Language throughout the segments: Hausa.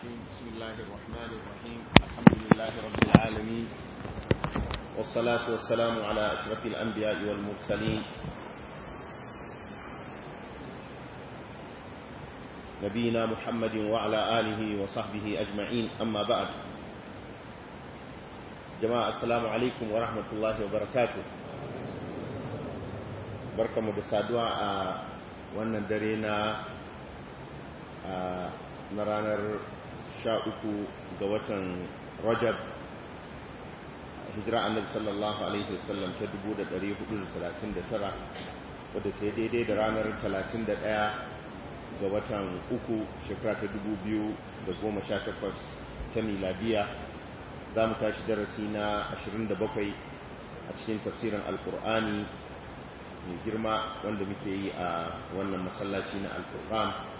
بسم الله الرحمن الرحيم الحمد لله رب العالمين والصلاة والسلام على أشرف الأنبياء والمرسلين نبينا محمد وعلى آله وصحبه أجمعين أما بعد جماعة السلام عليكم ورحمة الله وبركاته بركة مدسادوا wannan dare na ranar sha uku ga watan rajab hijira annabi sallallahu alaihi wasallam ta 1439 wadda ta daidai da ranar 31 ga watan uku shekara ta 2018 ta miladiya za mu tashi darasi na 27 a cikin tafsirin alkur'ani mai girma wanda muke yi a wannan masallaci na alkur'ani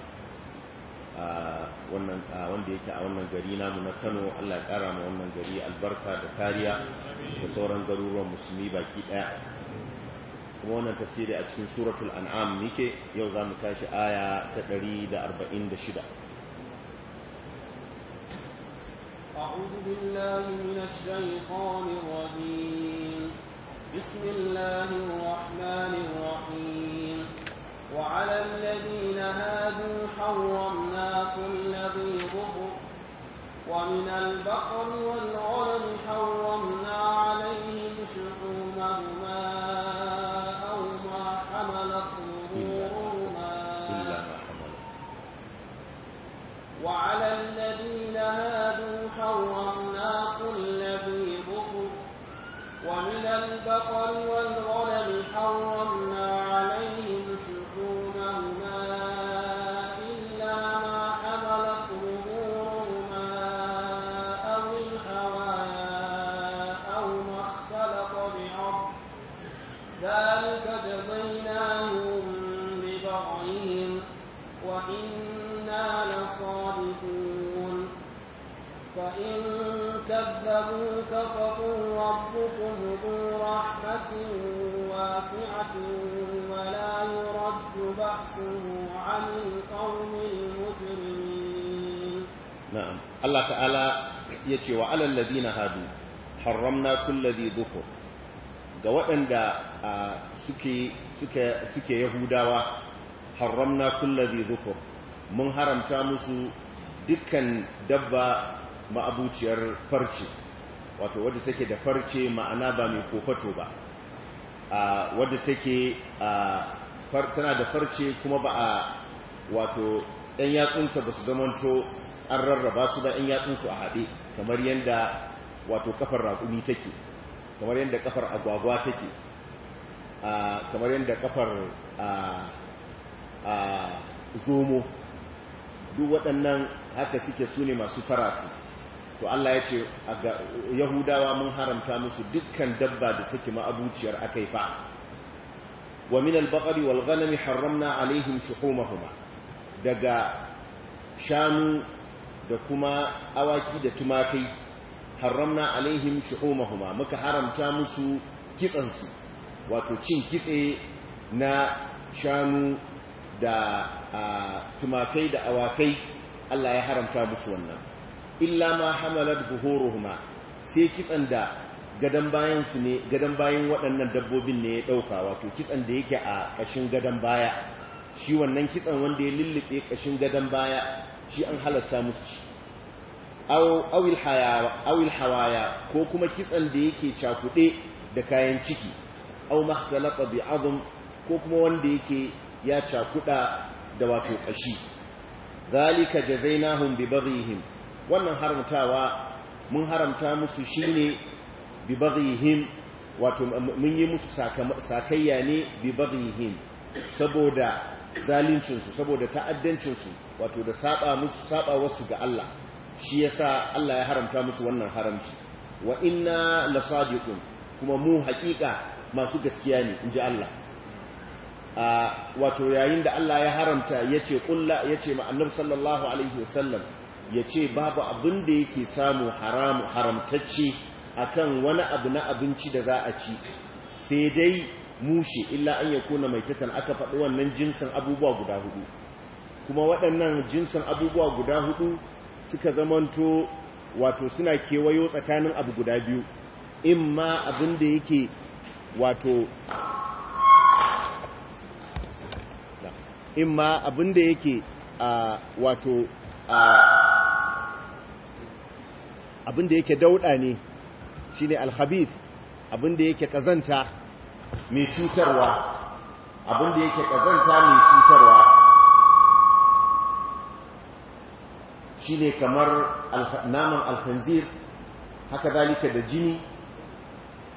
wannan wanda yake a wannan gari namu na Kano Allah ya kara ma wannan gari albarka da kariya da sauran garuruwan musulmi baki daya kuma wannan tafsiri a cikin suratul an'am muke yau za mu tashi aya ta 146 أعوذ بالله من الشيطان الرجيم بسم الله الرحمن الرحيم وعلى الذين هادوا حرمنا كل ذي ظفر ومن البقر والغنم حرمنا عليهم شحومهما أو ما حملت ظهورهما وعلى الذين هادوا حرمنا كل ذي ظفر ومن البقر والغنم ذلك جزيناهم ببغيهم وإنا لصادقون فإن كذبوك فقل ربكم ذو رحمة واسعة ولا يرد بأسه عن القوم المجرمين نعم الله تعالى يتي وعلى الذين هادوا حرمنا كل ذي ذكر ga waɗanda suke yahudawa haramna kullazi zukur mun haramta musu dukkan dabba ma'abuciyar farce wato wadda take da farce ma'ana ba mai kofato ba wadda take tana da farce kuma ba a wato ɗan yatsunsa ba su zamanto an rarraba su da ɗan yatsunsu a haɗe kamar yadda wato kafar raƙumi take kamar yadda kafar agwagwa take kamar yadda kafar zomo duk waɗannan haka suke su ne masu faratu to Allah ya ce yahudawa mun haramta musu dukkan dabba da take ma'abuciyar fa wa min al-baqari wal ghanami haramna alaihim shuhumahuma daga shanu da kuma awaki da tumakai haramna alaihim shuhumahuma muka haramta musu su. wato cin kitse na shanu da tumakai da awakai Allah ya haramta musu wannan illa ma hamalat buhuruhuma sai kitsan da gadon bayan su ne gadan bayan waɗannan dabbobin ne ya ɗauka wato kitsan da yake a ƙashin gadon baya shi wannan kitsan wanda ya lullube ƙashin gadon baya shi an halatta musu shi awil hawaya ko kuma kitsan da yake cakuɗe da kayan ciki au makhtalata bi azum ko kuma wanda yake ya cakuda da wato kashi zalika jazainahum bi baghihim wannan haramtawa mun haramta musu shine bi baghihim wato mun yi musu sakayya ne bi baghihim saboda zalincinsu saboda ta'addancinsu wato da saba musu saba wasu ga Allah shi yasa Allah ya haramta musu wannan haramci wa inna lasadiqun kuma mu haƙiƙa masu gaskiya ne in ji Allah wato yayin da Allah ya haramta ya ce ƙulla ya ce ma'annab sallallahu alaihi wasallam ya ce babu abin da yake samu haramtacce akan wani abu na abinci da za a ci sai dai mushe illa an ya kona mai tatan aka faɗi wannan jinsin abubuwa guda hudu kuma waɗannan jinsin abubuwa guda hudu suka zamanto wato suna kewayo tsakanin abu guda biyu in ma abin da yake wato in ma abinda yake wato abinda yake dauda ne shi ne alhabith abinda yake kazanta mai cutarwa abinda yake kazanta mai cutarwa shi ne kamar naman alhanzir haka zalika da jini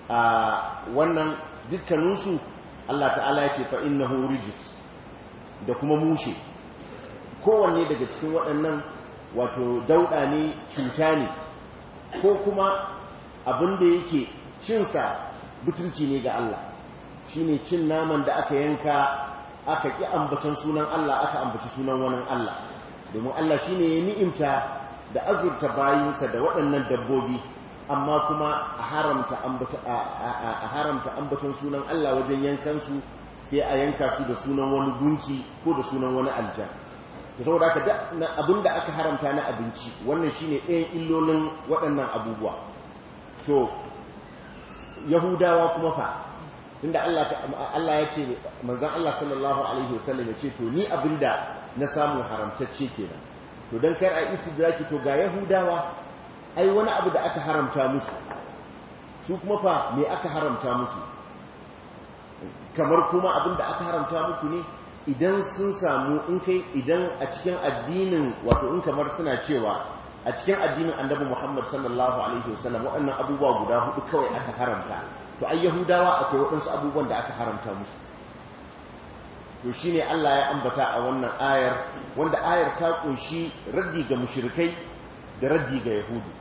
a wannan dukkaninsu Allah ta'ala ya ce fa innahu rijis da kuma mushe kowanne daga cikin waɗannan wato dauɗa ne cuta ne ko kuma abin da yake cinsa butulci ne ga Allah shine cin naman da aka yanka aka ƙi ambatan sunan Allah aka ambaci sunan wani Allah domin Allah shine ya ni'imta da azurta bayinsa da waɗannan dabbobi amma kuma a haramta ambaton sunan Allah wajen yankansu sai a yanka su da sunan wani gunki ko da sunan wani aljan da saboda aka da abin da aka haramta na abinci wannan shi ne ɗayan illolin waɗannan abubuwa to yahudawa kuma fa inda Allah ya ce manzan Allah sallallahu alaihi wasallam ya ce to ni abin da na samun haramtacce ke nan to don kar a istidraki to ga yahudawa ai wani abu da aka haramta musu su kuma fa me aka haramta musu kamar kuma abin da aka haramta muku ne idan sun samu in kai idan a cikin addinin wato in kamar suna cewa a cikin addinin annabi Muhammad sallallahu alaihi wasallam waɗannan abubuwa guda hudu kawai aka haramta to ai yahudawa akwai waɗansu abubuwan da aka haramta musu to shine Allah ya ambata a wannan ayar wanda ayar ta kunshi raddi ga mushrikai da raddi ga Yahudu.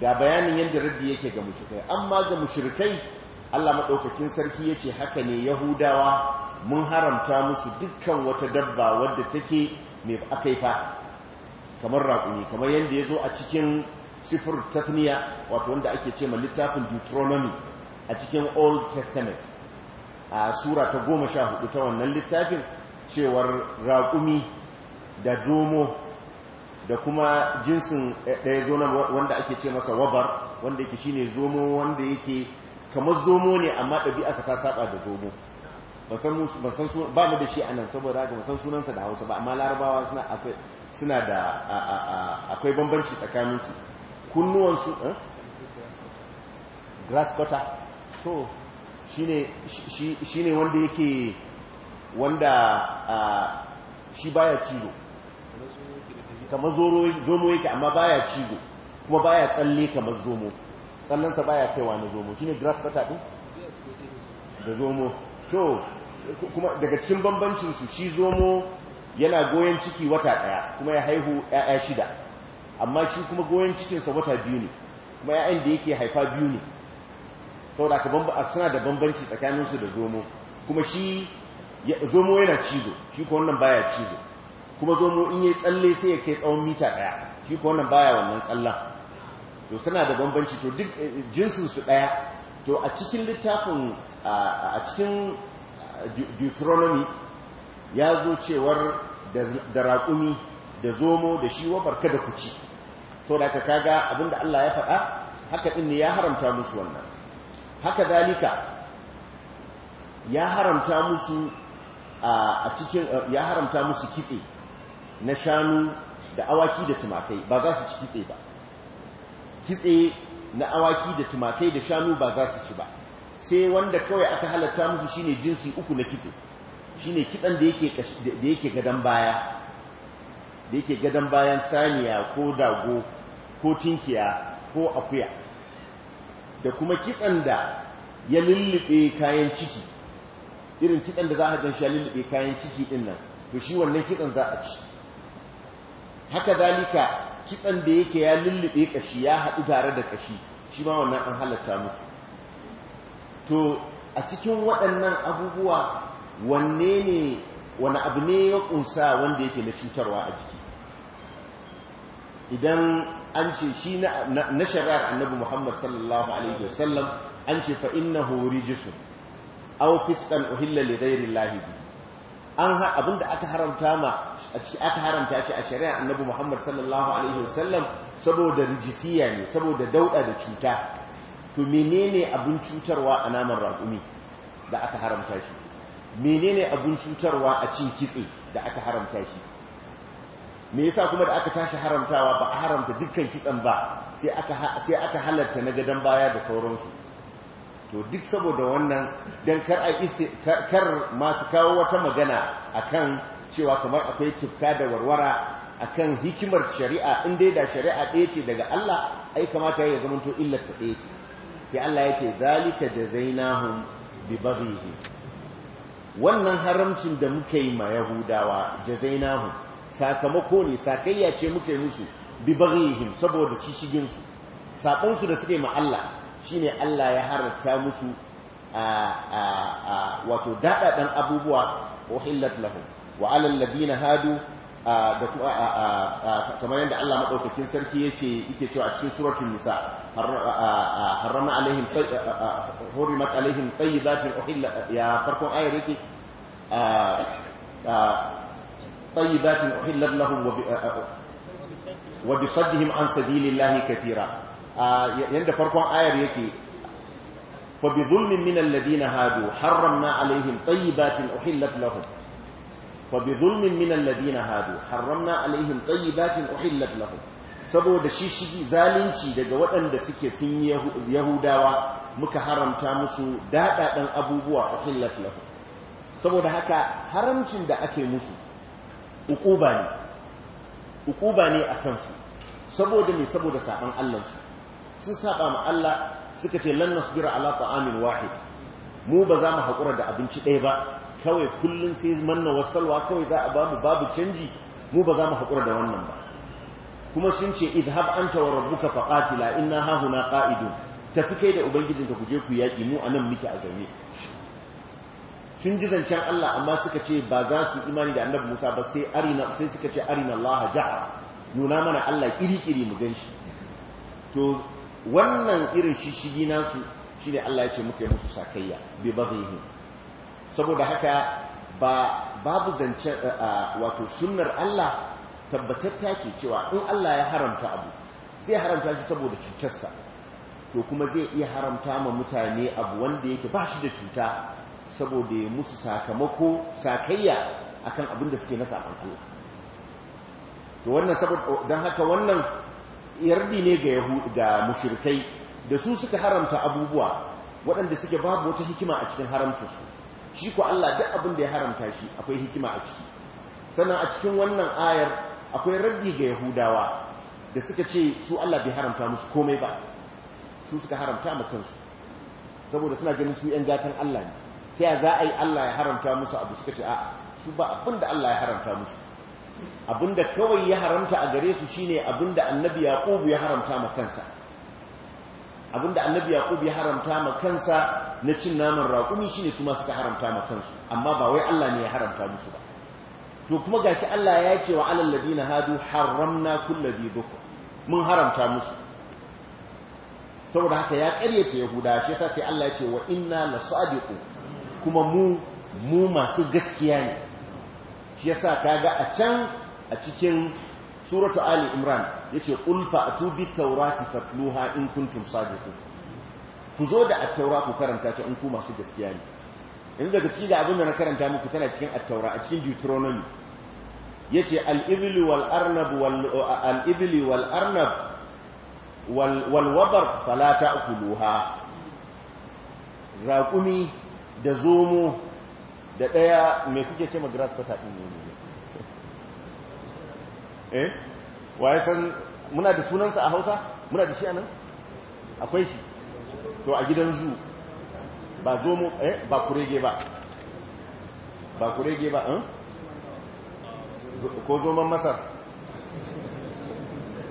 ga bayanin yadda raddi yake ga mushrikai amma ga mushrikai Allah madaukakin sarki yace haka ne yahudawa mun haramta musu dukkan wata dabba wadda take mai akaifa kamar raƙumi kamar yadda ya zo a cikin sifir tathniya wato wanda ake ce ma littafin Deuteronomy a cikin Old Testament a sura ta goma sha 14 ta wannan littafin cewar raƙumi da zomo da kuma jinsin eh, ɗaya zonar wanda ake ce masa wabar wanda yake shine zomo wanda yake kamar zomo ne amma ɗabi'arsa ta saba da zomo ba mu da shi a nan saboda haka san sunansa da hausa ba amma larabawa suna da akwai bambanci tsakaninsu kunnuwansu eh? grass cutter so shi ne wanda yake wanda shi baya cilo kamar zomo yake amma baya cigo kuma baya tsalle kamar zomo tsallansa baya kaiwa na zomo shine grass grasscutter din da zomo to kuma daga cikin bambancin su shi zomo yana goyen ciki wata daya kuma ya haihu yaya shida amma shi kuma goyen sa wata biyu ne kuma ƴaƴan da yake haifa biyu ne saboda ka bamba suna da bambanci tsakaninsu da zomo kuma shi zomo yana cizo shi ko wannan baya cizo kuma zomo in yi tsalle sai ya kai tsawon mita ɗaya shi ko wannan baya wannan tsallan to suna da bambanci to duk eh, eh, jinsin su ɗaya to a cikin littafin a cikin deuteronomy ya zo cewar da raƙumi da zomo da shi wa barka da kuci to da ka kaga abinda Allah ya faɗa haka ɗin ne ya haramta musu wannan haka dalika ya haramta musu a cikin eh, ya haramta musu kitse na shanu da awaki da tumakai ba za su ci kitse ba kitse na awaki da tumatai da shanu ba za su ci ba sai wanda kawai aka halatta musu shine jinsi uku na kitse shine kitson da yake da yake gadan baya da yake gadan bayan saniya ko dago ko tinkiya ko akuya da kuma kitsan da ya lullube kayan ciki irin kitson da za a gan ya lullube kayan ciki din nan to shi wannan kitsan za a ci haka zalika kitsan da yake ya lullube kashi ya haɗu tare da kashi shi ma wannan an halatta musu to a cikin waɗannan abubuwa wanne ne wani abu ne ya ƙunsa wanda yake na cutarwa a jiki idan an ce shi na shari'ar annabi Muhammad sallallahu alaihi wasallam an ce fa na horijisun au fiskan uhilla li ghairi an abinda aka haramta ma aka haramta shi a shari'a annabi Muhammad sallallahu alaihi wasallam saboda rijisiya ne saboda dauda da cuta to menene abin cutarwa a naman raƙumi da aka haramta shi menene abin cutarwa a cin kitse da aka haramta shi me yasa kuma da aka tashi haramtawa ba a haramta dukkan kitsan ba sai aka sai aka halatta na gadan baya da sauransu to duk saboda wannan don kar a masu kawo wata magana akan cewa kamar akwai tufka da warwara akan hikimar shari'a in dai da shari'a ɗaya ce daga Allah ai kamata ya zama to illar ta ɗaya ce sai Allah ya ce zalika jazainahum bi baghihi wannan haramcin da muke yi ma yahudawa jazainahum sakamako ne sakayya ce muke yi musu bi baghihim saboda shishigin su sakon su da suke ma Allah shine Allah ya harata musu wato daɗaɗɗen abubuwa uhillat lahum wa alal ladina hadu da kamar yadda Allah maɗaukakin sarki yace yake cewa a cikin suratul nisa harrama alaihim hurimat alaihim tayyibatin uhillat ya farkon ayar yake tayyibatin uhillat lahum wa بصدهم عن سبيل الله كثيرا yadda farkon ayar yake fa bi zulmin min alladhina hadu harramna alaihim tayyibatin uhillat lahum fa bi zulmin min alladhina hadu harramna alaihim tayyibatin uhillat lahum saboda shi shi zalunci daga waɗanda suke sun yahudawa muka haramta musu dadadan abubuwa uhillat lahum saboda haka haramcin da ake musu uquba ne uquba ne akan su saboda ne saboda saɓan allansu sun saba ma Allah suka ce lan nasbira ala ta'amin wahid mu ba za mu haƙura da abinci ɗaya ba kawai kullum sai manna wasalwa kawai za a bamu babu canji mu ba za mu haƙura da wannan ba kuma sun ce idhab anta wa rabbuka faqatila inna hahuna qa'idun tafi kai da ubangijinka ku je ku yaki mu anan muke a gare sun ji zancen Allah amma suka ce ba za su imani da annabi Musa ba sai arina sai suka ce arina Allah ja'a nuna mana Allah kiri-kiri mu ganshi to wannan irin shishigi nasu shine Allah ya ce muka yi musu sakayya bi baghihim saboda haka ba babu zance wato sunar Allah tabbatatta ce cewa in Allah ya haramta abu zai haramta shi saboda cutarsa to kuma zai iya haramta ma mutane abu wanda yake ba shi da cuta saboda ya musu sakamako sakayya akan abin da suke na a to wannan don haka wannan yardi ne ga yahudu da su suka haramta abubuwa waɗanda suke babu wata hikima a cikin haramtarsu su shi ko Allah duk abin da ya haramta shi akwai hikima a ciki sannan a cikin wannan ayar akwai raddi ga yahudawa da suka ce su Allah bai haramta musu komai ba su suka haramta ma kansu saboda suna ganin su yan gatan Allah ne ta ya za a yi Allah ya haramta musu abu suka ce a su ba abin da Allah ya haramta musu abinda kawai ya haramta a gare su shine abinda annabi yaqub ya haramta ma kansa abinda annabi yaqub ya haramta ma kansa na cin naman raƙumi shine su ma suka haramta ma kansu amma ba wai Allah ne ya haramta musu ba to kuma gashi Allah ya ce wa alal ladina hadu haramna kulli dhikr mun haramta musu saboda haka ya karyata yahuda shi yasa sai Allah ya ce wa inna lasadiqu kuma mu mu masu gaskiya ne shi yasa ga a can a cikin suratu ali imran yace qul fa'tu taura tawrati fatluha in kuntum sadiqin ku zo da at-taura ku karanta ta in ku masu gaskiya ne yanzu daga cikin da abin da na karanta muku tana cikin at-taura a cikin deuteronomy yace al-ibli wal arnab wal al-ibli arnab wal wabar fala ta'kuluha raqumi da zomo da ɗaya mai kuke ce ma grass cutter ɗin ne eh waye san muna da sunansa a hausa muna da shi a nan akwai shi to a gidan zu ba mu eh ba kurege ba ba kurege ba eh? ko zoman masar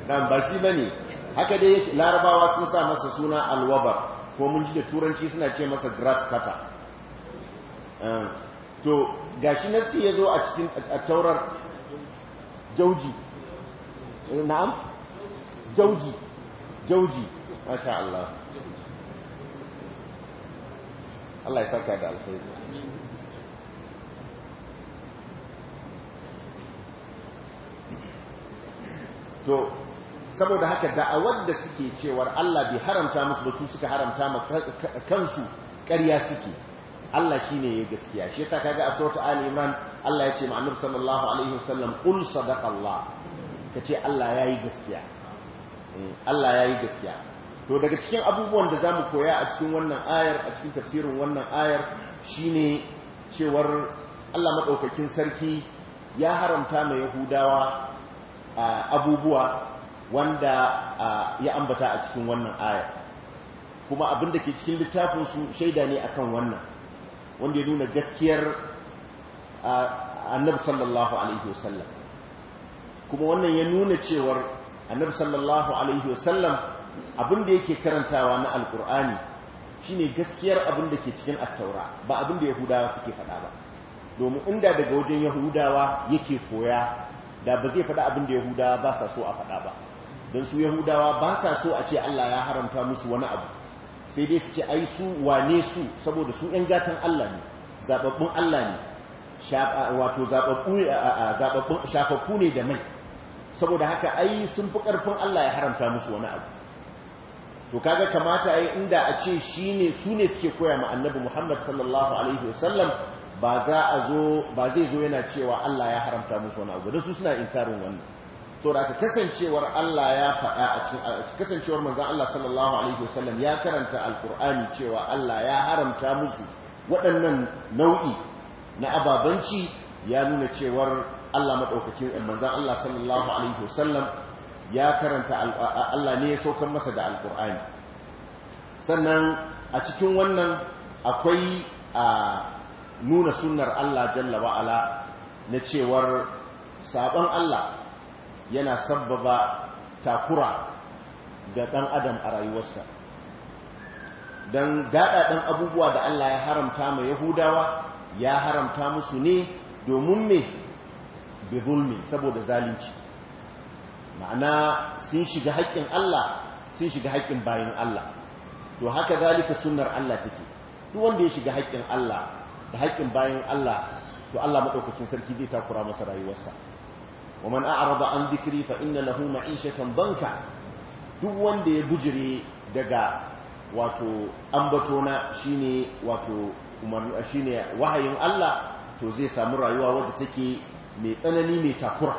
dan ba shi bane haka dai larabawa sun sa masa suna alwabar ko mun ji da turanci suna ce masa grass cutter eh. to shi nassi ya zo a cikin taurar jauji eh, na'am jauji jauji masha Allah Allah ya saka da alfai to saboda haka da'awar da suke cewar Allah bai haramta musu ba su suka haramta ma kansu ƙarya suke Allah shi ne ya gaskiya shi yasa kaga a surata Allah ya ce ma’anar sallallahu alaihi wasallam sadaqa Allah ce Allah ya yi gaskiya eh, Allah ya yi gaskiya to daga cikin abubuwan da zamu koya a cikin wannan ayar a cikin tafsirin wannan ayar shi ne cewar Allah maɗaukakin sarki ya haramta mai Yahudawa abubuwa wanda ya ambata a cikin wannan ayar kuma abin da ke cikin littafin su shaida ne akan wannan wanda ya nuna gaskiyar annabi sallallahu alaihi wasallam kuma wannan ya nuna cewar annabi sallallahu alaihi wasallam abin da yake karantawa na alkur'ani shine gaskiyar abin da ke cikin attaura ba abin da yahudawa suke faɗa ba domin inda daga wajen yahudawa yake koya da ba zai faɗa abin da yahudawa ba sa so a faɗa ba don su yahudawa ba sa so a ce allah ya haramta musu wani abu sai dai su ce ai su wane su saboda su ‘yan gatan Allah ne zababbun Allah ne wato shafaffu ne da mai saboda haka ai sun fi ƙarfin Allah ya haramta musu wani abu to kaga kamata ai inda a ce shine su ne suke koya ma annabi Muhammad sallallahu alaihi wasallam ba za a zo ba zai zo yana cewa Allah ya haramta musu wani abu da su suna inkarin wannan saboda kasancewar Allah ya faɗa a cikin kasancewar manzon Allah sallallahu alaihi wasallam ya karanta alkur'ani cewa Allah ya haramta musu waɗannan nau'i na ababanci ya nuna cewar Allah madaukakin manzon Allah sallallahu alaihi wasallam ya karanta Allah ne ya saukar masa da alkur'ani sannan a cikin wannan akwai a nuna sunnar Allah jalla wa'ala na cewar sabon Allah yana sabbaba takura ga ɗan adam a rayuwarsa don daɗaɗen abubuwa da Allah ya haramta mai yahudawa ya haramta musu ne domin me bi zulmi saboda zalunci ma'ana sun shiga haƙƙin Allah sun shiga haƙƙin bayan Allah to haka zalika sunnar Allah take duk wanda ya shiga haƙƙin Allah da haƙƙin bayan Allah to Allah maɗaukacin sarki zai takura masa rayuwarsa wa man a'rada an dhikri fa inna lahu ma'ishatan banka duk wanda ya bujire daga wato ambatona shine wato umarni shine wahayin Allah to zai samu rayuwa wadda take mai tsanani mai takura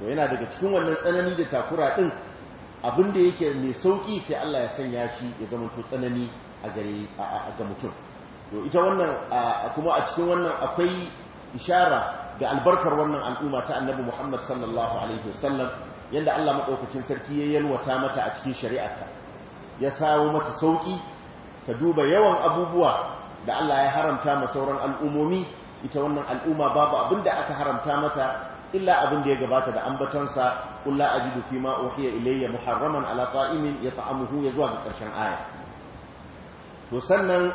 to yana daga cikin wannan tsanani da takura din abin da yake mai sauki sai Allah ya sanya shi ya zama to tsanani a gare a ga mutum to ita wannan kuma a cikin wannan akwai ishara da albarkar wannan al'umma ta annabi Muhammad sallallahu alaihi wasallam yanda Allah madaukakin sarki ya yalwata mata a cikin shari'arta ya sawo mata sauki ka duba yawan abubuwa da Allah ya haramta ma sauran al'umomi ita wannan al'umma babu abinda aka haramta mata illa abin da ya gabata da ambatansa qul la ajidu dufi ma uhiya ilayya muharraman ala ta'imin yata'amuhu ya zuwa ga karshen aya to sannan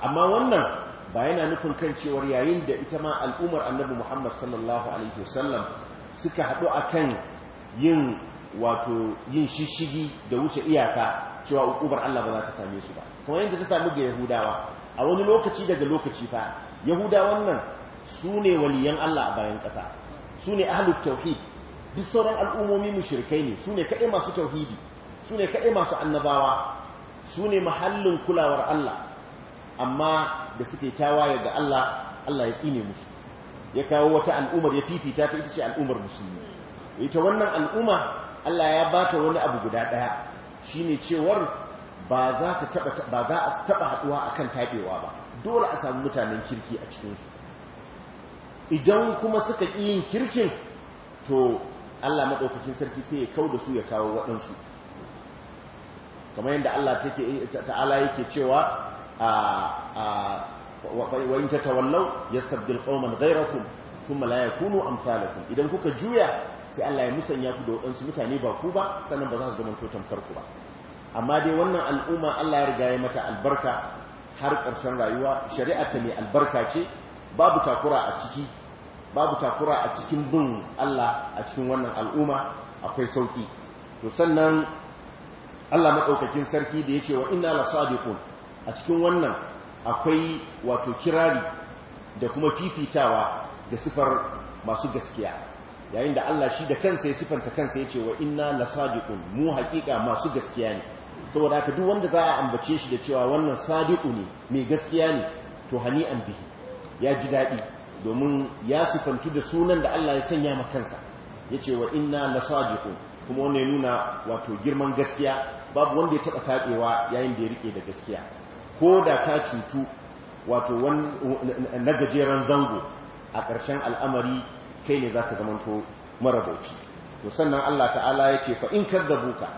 amma wannan ba yana nufin kan cewar yayin da ita ma al'ummar annabi Muhammad sallallahu alaihi wasallam suka haɗu a kan yin wato yin shishigi da wuce iyaka cewa hukumar Allah ba za ta same su ba kuma yadda ta samu ga Yahudawa a wani lokaci daga lokaci fa Yahudawan nan su ne waliyan Allah a bayan ƙasa su ne ahlul tauhid duk sauran al'ummomi mushrikai ne su ne kaɗai masu tauhidi su ne kaɗai masu annabawa su ne mahallin kulawar Allah amma da suke tawaye ga Allah Allah ya tsine musu ya kawo wata al'umar ya fifita ta ita ce al'umar musulmi ita wannan al'umma Allah ya bata wani abu guda daya shine cewar ba za ta taba ba a kan haduwa tabewa ba dole a samu mutanen kirki a cikin su idan kuma suka ƙi yin kirkin to Allah madaukakin sarki sai ya da su ya kawo waɗansu kamar yadda Allah ta'ala yake cewa wa in tatawallaw yastabdil qauman ghayrakum thumma la yakunu amsalakum idan kuka juya sai Allah ya musanya ku da wadansu mutane ba ku ba sannan ba za su zama tutan ku ba amma dai wannan al'umma Allah ya riga ya mata albarka har karshen rayuwa shari'a ta mai albarka ce babu takura a ciki babu takura a cikin bin Allah a cikin wannan al'umma akwai sauki to sannan Allah madaukakin sarki da yace wa inna lasadiqun a cikin wannan akwai wato kirari da kuma fifitawa da sifar masu gaskiya yayin da Allah shi da kansa ya sifanta kansa ya ce wa inna lasadiqun mu haƙiƙa masu gaskiya ne saboda haka duk wanda za a ambace shi da cewa wannan sadiqu ne mai gaskiya ne to hani an bihi ya ji daɗi domin ya sifantu da sunan da Allah ya sanya ma kansa ya ce wa inna lasadiqun kuma wannan ya nuna wato girman gaskiya babu wanda ya taɓa taɓewa yayin da ya rike da gaskiya ko da ta cutu wato na gajeren zango a ƙarshen al'amari kai ne za ka mara marabauci to sannan Allah ta'ala ya ce fa'in buka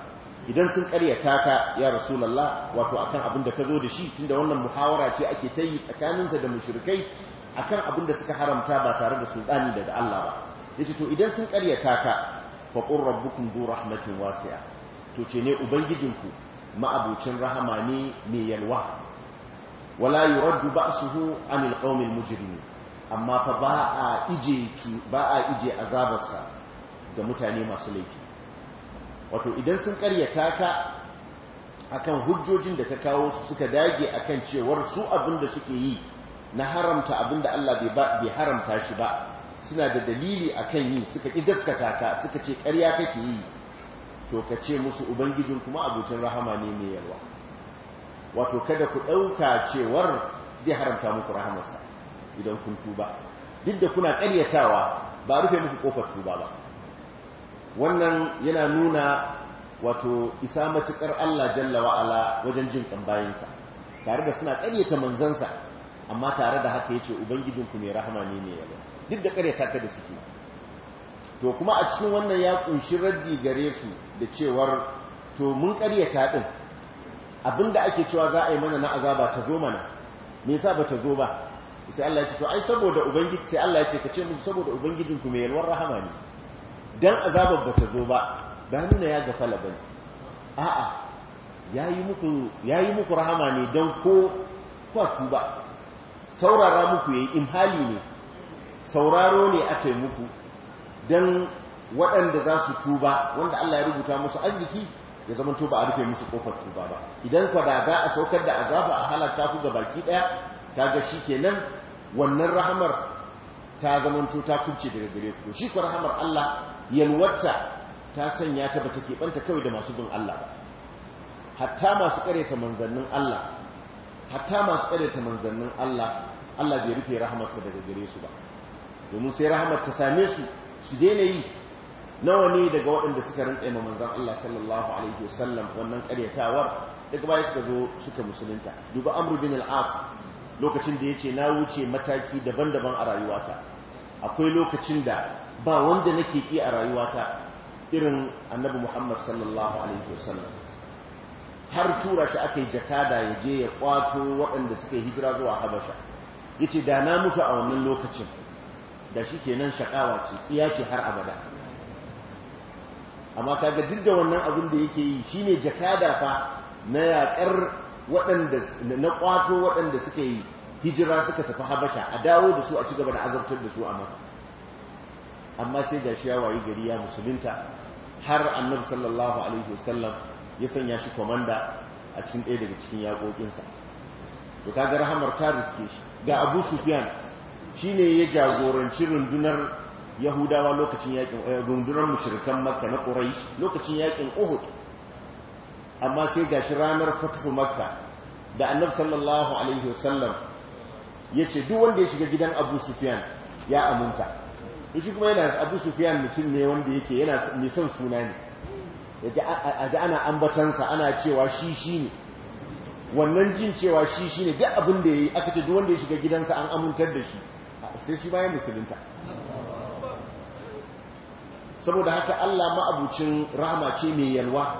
idan sun ƙaryata ka ya rasu rasulallah wato akan abin da ka zo da shi tunda wannan muhawara ce ake ta yi tsakaninsa da a akan abin da suka haramta ba tare da sultani daga Allah ba ce to idan sun ƙaryata ka faƙon rabbukun zo rahmatin wasi'a to ce ne ubangijinku ma'abucin rahama ne mai yalwa wala su hu anil qaumil mujrimin amma fa ba a ije azabarsa da mutane masu laifi wato idan sun karyata ka akan hujjojin da ka kawo su suka dage akan cewar su abin da suke yi na haramta abin da Allah bai haramta shi ba suna da dalili akan yi suka ƙi gaskata ka suka ce ƙarya kake yi to ka ce musu ubangijin kuma abincin rahama ne mai yalwa wato kada ku ɗauka cewar zai haramta muku rahamarsa idan kun tuba duk da kuna ƙaryatawa ba rufe muku ƙofar tuba ba wannan yana nuna wato isa matuƙar Allah jalla wa'ala wajen jin bayansa tare da suna ƙaryata manzansa amma tare da haka ya yace ku mai rahama ne mai yalwa duk da ƙaryata ka da suke to kuma a cikin wannan ya kunshi raddi gare su da cewar to mun ƙaryata din abinda ake cewa za a yi mana na azaba ta zo mana me yasa ba ta zo ba sai Allah ya ce to ai saboda ubangiji sai Allah ya ce ka ce saboda ubangijin ku mai yalwar rahama ne dan azabar ba ta zo ba da nuna ya fala bane a'a yayi muku yayi muku rahama ne dan ko kwa tuba saurara muku yayi imhali ne sauraro ne akai muku dan waɗanda za su tuba wanda Allah ya rubuta musu arziki ya zama tuba a rufe musu kofar tuba ba idan kwa da za a saukar da azaba a halarta ku gabaki daya ta ga shi kenan wannan rahamar ta zama ta kubce daga gare ku shi kwa rahamar Allah yalwata ta sanya ta bata keɓanta kawai da masu bin Allah ba hatta masu kareta manzannin Allah hatta masu manzannin Allah Allah bai rufe rahamarsa daga gare su ba domin sai rahamar ta same su su daina yi nawa ne daga waɗanda suka rinƙa ma manzan Allah sallallahu alaihi wasallam wannan ƙaryatawar daga bayan suka zo suka musulunta duba amru bin al-as lokacin da yace na wuce mataki daban-daban a rayuwata akwai lokacin da ba wanda nake ki a rayuwata irin annabi Muhammad sallallahu alaihi wasallam har tura shi aka yi jakada ya je ya kwato waɗanda suka yi hijira zuwa habasha ya ce da na mutu a wannan lokacin da shi kenan shakawa ce tsiya ce har abada amma kaga duk da wannan abin da yake yi shine jakada fa na yakar waɗanda na kwato waɗanda suka yi hijira suka tafi habasha a dawo da su a ci gaba da azabtar da su a maka amma sai ga shi ya wayi gari ya musulunta har annabi sallallahu alaihi wasallam ya sanya shi komanda a cikin ɗaya daga cikin yaƙoƙinsa to kaga rahamar ta riske shi ga abu sufyan shine ya jagoranci rundunar yahudawa lokacin yakin eh, rundunar mushrikan makka na quraish lokacin yakin uhud amma sai gashi ranar fatuhu makka da annab sallallahu alaihi wasallam ce duk wanda ya shiga gidan abu sufiyan ya aminta shi kuma yana abu sufiyan mutum ne wanda yake yana mai suna ne A yaji ana ambatansa ana cewa shi shi ne wannan jin cewa shi shi ne duk abin da ya yi aka ce duk wanda ya shiga gidansa an amintar da shi sai shi bayan musulunta saboda haka Allah ma'abucin rahama ce mai yalwa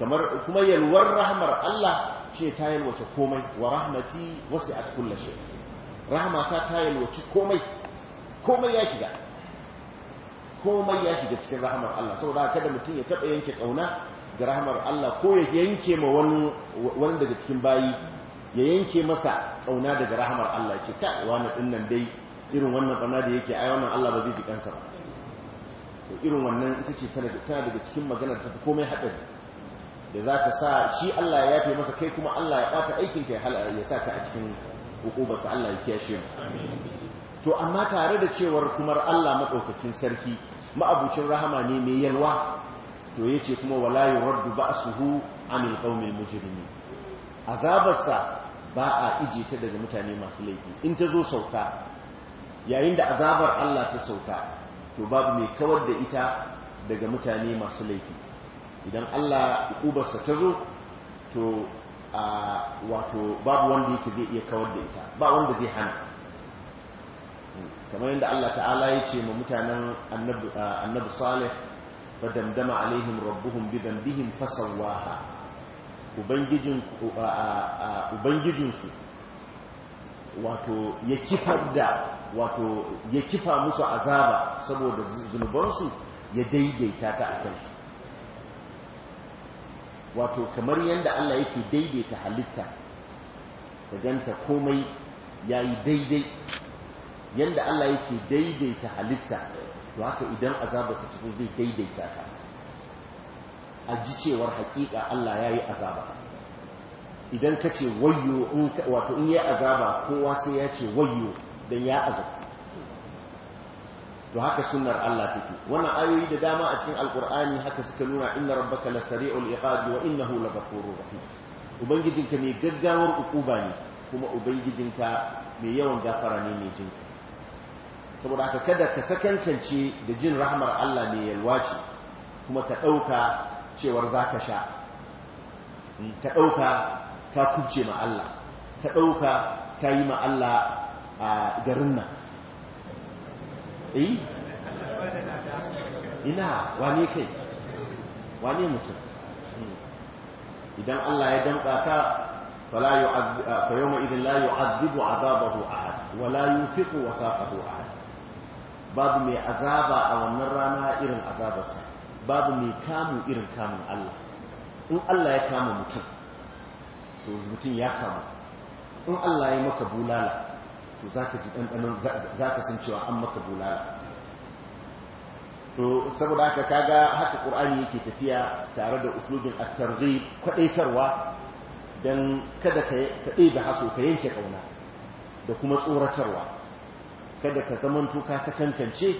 kamar kuma yalwar rahmar Allah ce ta yalwace komai wa rahmati wasi'at kulli shay rahama ta ta yalwace komai komai ya shiga komai ya shiga cikin rahmar Allah saboda haka da mutum ya taba yanke kauna ga rahmar Allah ko ya yanke ma wani daga cikin bayi ya yanke masa kauna daga rahmar Allah ce ka wani dinnan dai irin wannan bana da yake ai wannan Allah ba zai ji kansa ba to irin wannan ita ce tana daga cikin maganar ta komai haɗari da za ta sa shi Allah ya yafe masa kai kuma Allah ya ɓata aikin kai ya sa ka a cikin hukubarsa Allah ya kiyashe mu to amma tare da cewar kuma Allah maɗaukakin sarki ma'abucin rahama ne mai yalwa to ya ce kuma wala yuraddu ba'suhu amin qaumil mujrimin azabarsa ba a ije ta daga mutane masu laifi in ta zo sauka yayin da azabar Allah ta sauka to babu mai kawar da ita daga mutane masu laifi idan Allah ubarsa ta zo to a wato babu wanda yake zai iya kawar da ita ba wanda zai hana kamar yadda Allah ta'ala ya ce ma mutanen annabi salih fa damdama alaihim rabbuhum bi dhanbihim fasawaha ubangijin ubangijinsu wato ya kifar da wato ya kifa musu azaba saboda zunubansu ya daidaita ta a kansu wato kamar yadda Allah yake daidaita halitta ka ganta komai ya yi daidai yadda Allah yake daidaita halitta to haka idan azabarsa cikin zai daidaita ta a ji cewar hakika Allah ya yi azaba idan ka ce wayo wato in yi azaba kowa sai ya ce wayo Idan ya azabtu to haka sunnar Allah take wannan ayoyi da dama a cikin alkur'ani haka suka nuna inna rabbaka lasari'ul hola wa innahu laghafurur rahim ubangijinka mai gaggawar ukuba ne kuma ubangijinka mai yawan gafara ne mai jinka saboda haka kada ka sakankance da jin rahmar Allah mai yalwaci kuma ka dauka cewar zaka sha ka hmm, dauka ka kubce ma Allah ka dauka ka yi ma Allah a garin nan eh ina wane kai wane mutum idan Allah ya danka ka fala yu'adhibu fa yawma idhin la yu'adhibu 'adabahu ahad wa la yuthiqu wathaqahu ahad babu mai azaba a wannan rana irin azabarsa babu mai kamun irin kamun Allah in Allah ya kama mutum to mutum ya kama in Allah ya maka bulala to za ka ji ɗanɗanon za ka san cewa an maka bulala to saboda haka kaga haka ƙur'ani yake tafiya tare da uslubin aktar zai kwadaitarwa dan kada ka ka ɗebe haso ka yanke ƙauna da kuma tsoratarwa kada ka zamanto ka sakankance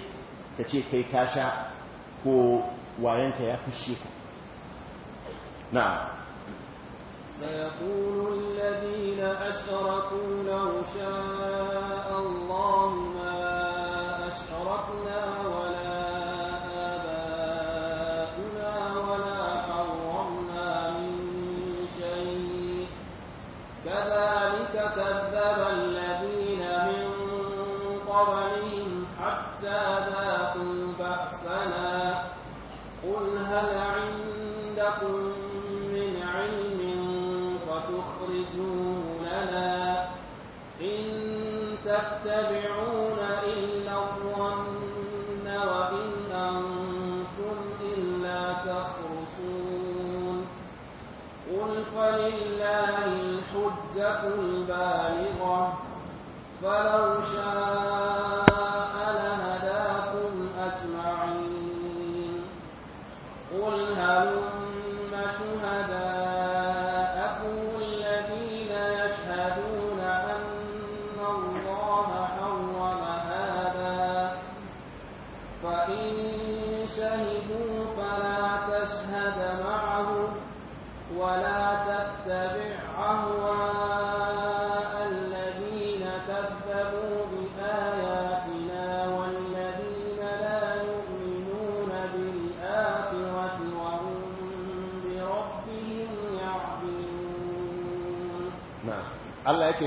ka ce kai ka sha ko wayanka ya fushe ka na'am سيقول الذين أشركوا لو شاء الله فلو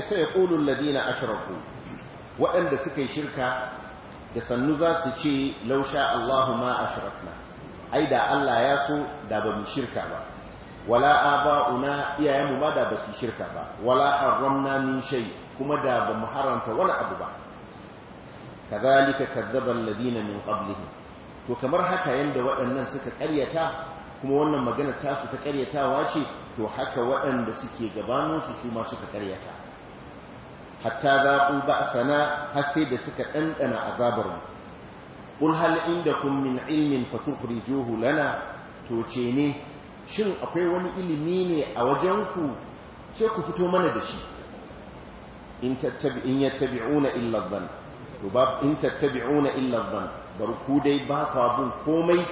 sai yaqulu alladhina ashraku waɗanda suka yi shirka da sannu za su ce lausha Allahu ma ashrakna ai da Allah ya so da ba mu shirka ba wala'a wala aba'una iyayenmu ma da ba shirka ba wala harramna min shay kuma da bamu haramta wani abu ba kadhalika kadzdzaba alladhina min qablihim to kamar haka yanda waɗannan suka karyata kuma wannan magana tasu ta karyatawa ce to haka waɗanda suke gabaninsu su ma suka ƙaryata hatta za ku ba ba'sana har sai da suka dandana azabar mu qul hal indakum min ilmin fatukhrijuhu lana to ce ne shin akwai wani ilimi ne a wajenku ce ku fito mana da shi in yattabi'una illa dhann to ba in tattabi'una illa bar ku dai ba kwa bin komai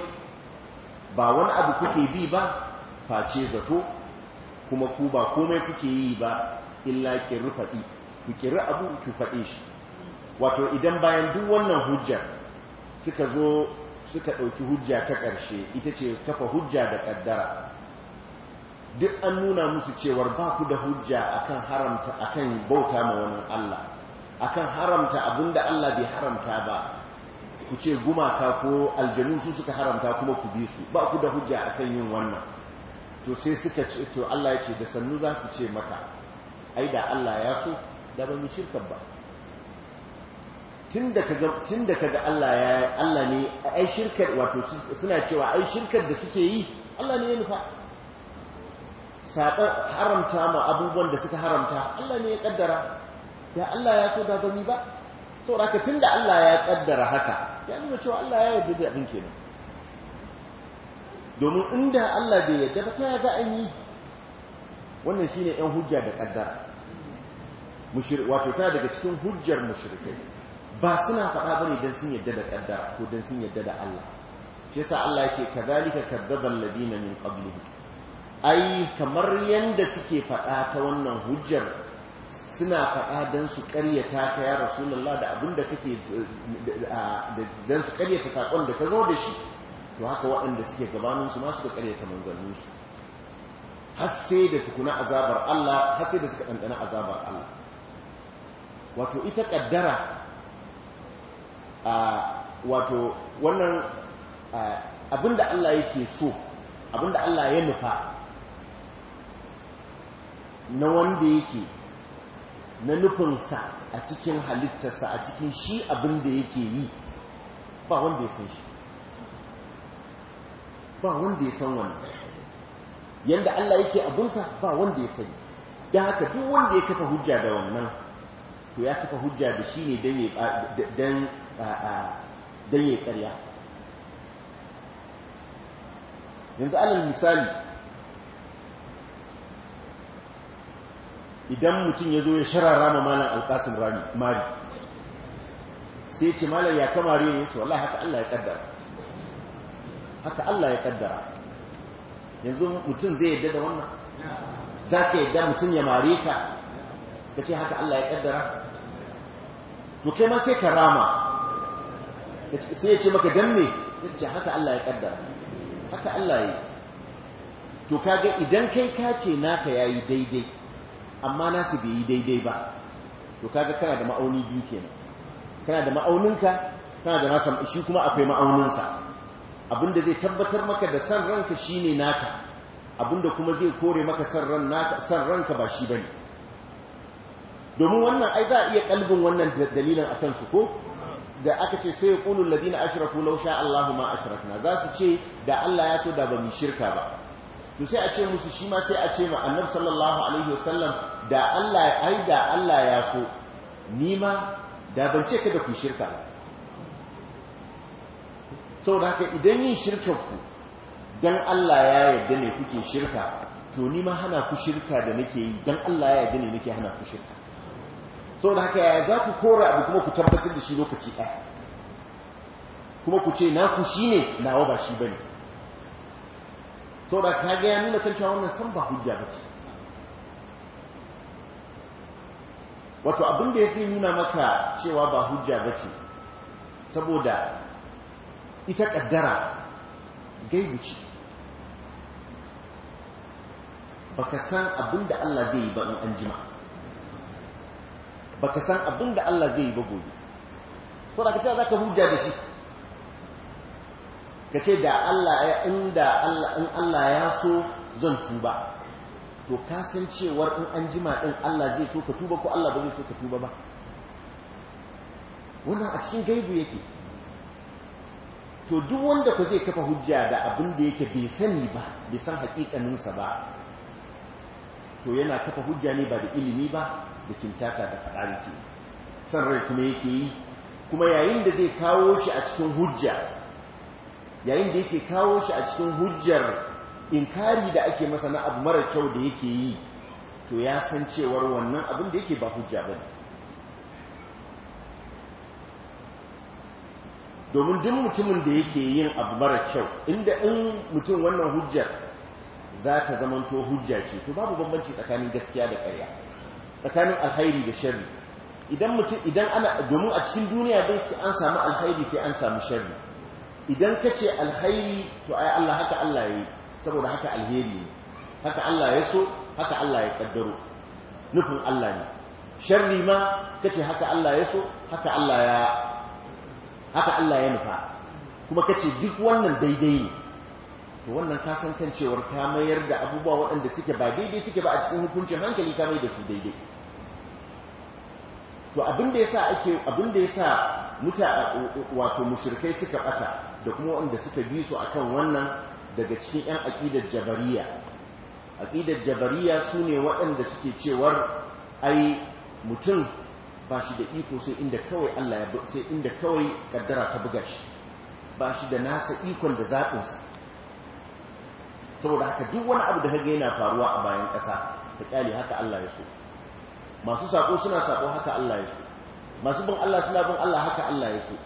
ba wani abu kuke bi ba face zato kuma ku ba komai kuke yi ba illa ke rufaɗi ku kiri abu ku faɗe shi wato idan bayan duk wannan hujjar suka zo suka ɗauki hujja ta ƙarshe ita ce kafa hujja da ƙaddara duk an nuna musu cewar ba ku da hujja akan haramta akan bauta ma wani Allah akan haramta da Allah bai haramta ba ku ce gumaka ko aljanu su suka haramta kuma ku bi su ba ku da hujja akan yin wannan to sai suka ce to Allah ya ce da sannu za su ce maka ai da Allah ya so da ba mu shirka ba tun da kaga Allah ya Allah ne ai shirkar wato suna cewa ai shirkar da suke yi Allah ne ya nufa saɓar haramta ma abubuwan da suka haramta Allah ne ya kaddara da Allah ya so da gani ba saboda haka tun da Allah ya kaddara haka ya nuna cewa Allah ya yarda da abin kenan domin inda Allah bai yarda ba ta za a yi wannan shine ɗan hujja da kaddara wato ta daga cikin hujjar mushrikai ba suna faɗa bane dan sun yadda da kaddara ko dan sun yadda da Allah shi yasa Allah yake kadhalika kadzdzaba alladina min qablihim ai kamar yanda suke faɗa ta wannan hujjar suna faɗa dan su ƙaryata ka ya rasulullah da abinda kake dan su ƙaryata sakon da ka zo da shi to haka waɗanda suke gabanin su ma suka ƙaryata manzannin su har sai da tukuna azabar Allah har sai da suka ɗanɗana azabar Allah wato ita kaddara wato wannan abinda Allah yake so abinda Allah ya nufa na wanda yake na nufinsa a cikin halittarsa a cikin shi abinda yake yi ba wanda ya san shi ba wanda ya san wani. Yadda Allah yake abinsa ba wanda ya sani don haka duk wanda ya kafa hujja da wannan to ya kafa hujja da shi ne don ya karya yanzu alal misali idan mutum ya zo ya shirara ma malam alkasin mari sai ce malam ya kamare ne ce wallah haka Allah ya kaddara haka Allah ya kaddara yanzu mutum zai yadda da wannan za ka yadda mutum ya mare ka ka ce haka Allah ya kaddara to kai ma sai ka rama sai ya ce maka dan me ce haka Allah ya kaddara haka Allah ya to kaga idan kai ka ce naka yayi daidai amma nasu bai yi daidai ba to kaga kana da ma'auni biyu kenan kana da ma'auninka kana da nasa shi kuma akwai ma'auninsa abinda zai tabbatar maka da san ranka shine naka abinda kuma zai kore maka san ranka ba shi bane domin wannan ai za a iya kalbin wannan dalilin a kansu ko da aka ce sai yaqulu ladina ashraku law sha Allahu ma ashrakna za su ce da Allah ya so da ba mu shirka ba to sai a ce musu shi ma sai a ce ma annabi sallallahu alaihi wasallam da Allah ai da Allah ya so ni ma da ban ce kada ku shirka ba da haka idan yin shirkar ku dan Allah ya yarda ne kuke shirka to ni ma hana ku shirka da nake yi dan Allah ya yarda ne nake hana ku shirka sau da haka yaya za ku kora abu kuma ku tabbatar da shi lokaci ɗaya kuma ku ce na ku shi ne nawa ba shi ba ne sau da ta gaya nuna kan cewa wannan san ba hujja ba ce wato abin da ya fi nuna maka cewa ba hujja ba ce saboda ita ƙaddara gaibu ce ka san abin da Allah zai yi ba in an jima baka san abin da Allah zai yi ba gobe ko da ka ce za ka hujja da shi ka ce da Allah ya inda Allah in Allah ya so zan tuba to kasancewar in an jima din Allah zai so ka tuba ko Allah ba zai so ka tuba ba wannan a cikin gaibu yake to duk wanda ku zai kafa hujja da abin da yake bai sani ba bai san hakikaninsa ba to yana kafa hujja ne ba da ilimi ba Bikin kintata da faɗa ke san rai kuma yake yi kuma yayin da zai kawo shi a cikin hujja yayin da yake kawo shi a cikin hujjar inkari da ake masa na abu mara kyau da yake yi to ya san cewar wannan abin da yake ba hujja ba domin duk mutumin da yake yin abu mara kyau inda in mutum wannan hujjar za ta zamanto hujja ce to babu bambanci tsakanin gaskiya da ƙarya tsakanin alhairi da sharri idan mutum idan ana domin a cikin duniya dai sai an samu alhairi sai an samu sharri idan ka ce alhairi to ai Allah haka Allah ya yi saboda haka alheri ne haka Allah ya so haka Allah ya kaddaro nufin Allah ne sharri ma kace haka Allah ya so haka Allah ya haka Allah ya nufa kuma kace duk wannan daidai ne to wannan ka san kan cewar ka mayar da abubuwa waɗanda suke ba daidai suke ba a cikin hukuncin hankali ka mai da su daidai to abin da yasa ake abin da yasa muta wato mushrikai suka bata da kuma wanda suka bi su akan wannan daga cikin ɗan aqidar jabariya aqidar jabariya sune waɗanda suke cewar ai mutum ba shi da iko sai inda kawai Allah ya sai inda kawai kaddara ta buga shi ba shi da nasa ikon da zaɓinsa saboda haka duk wani abu da haka yana faruwa a bayan ƙasa ta kyale haka Allah ya so masu sako suna sako haka Allah ya so masu bin Allah suna bin Allah haka Allah ya so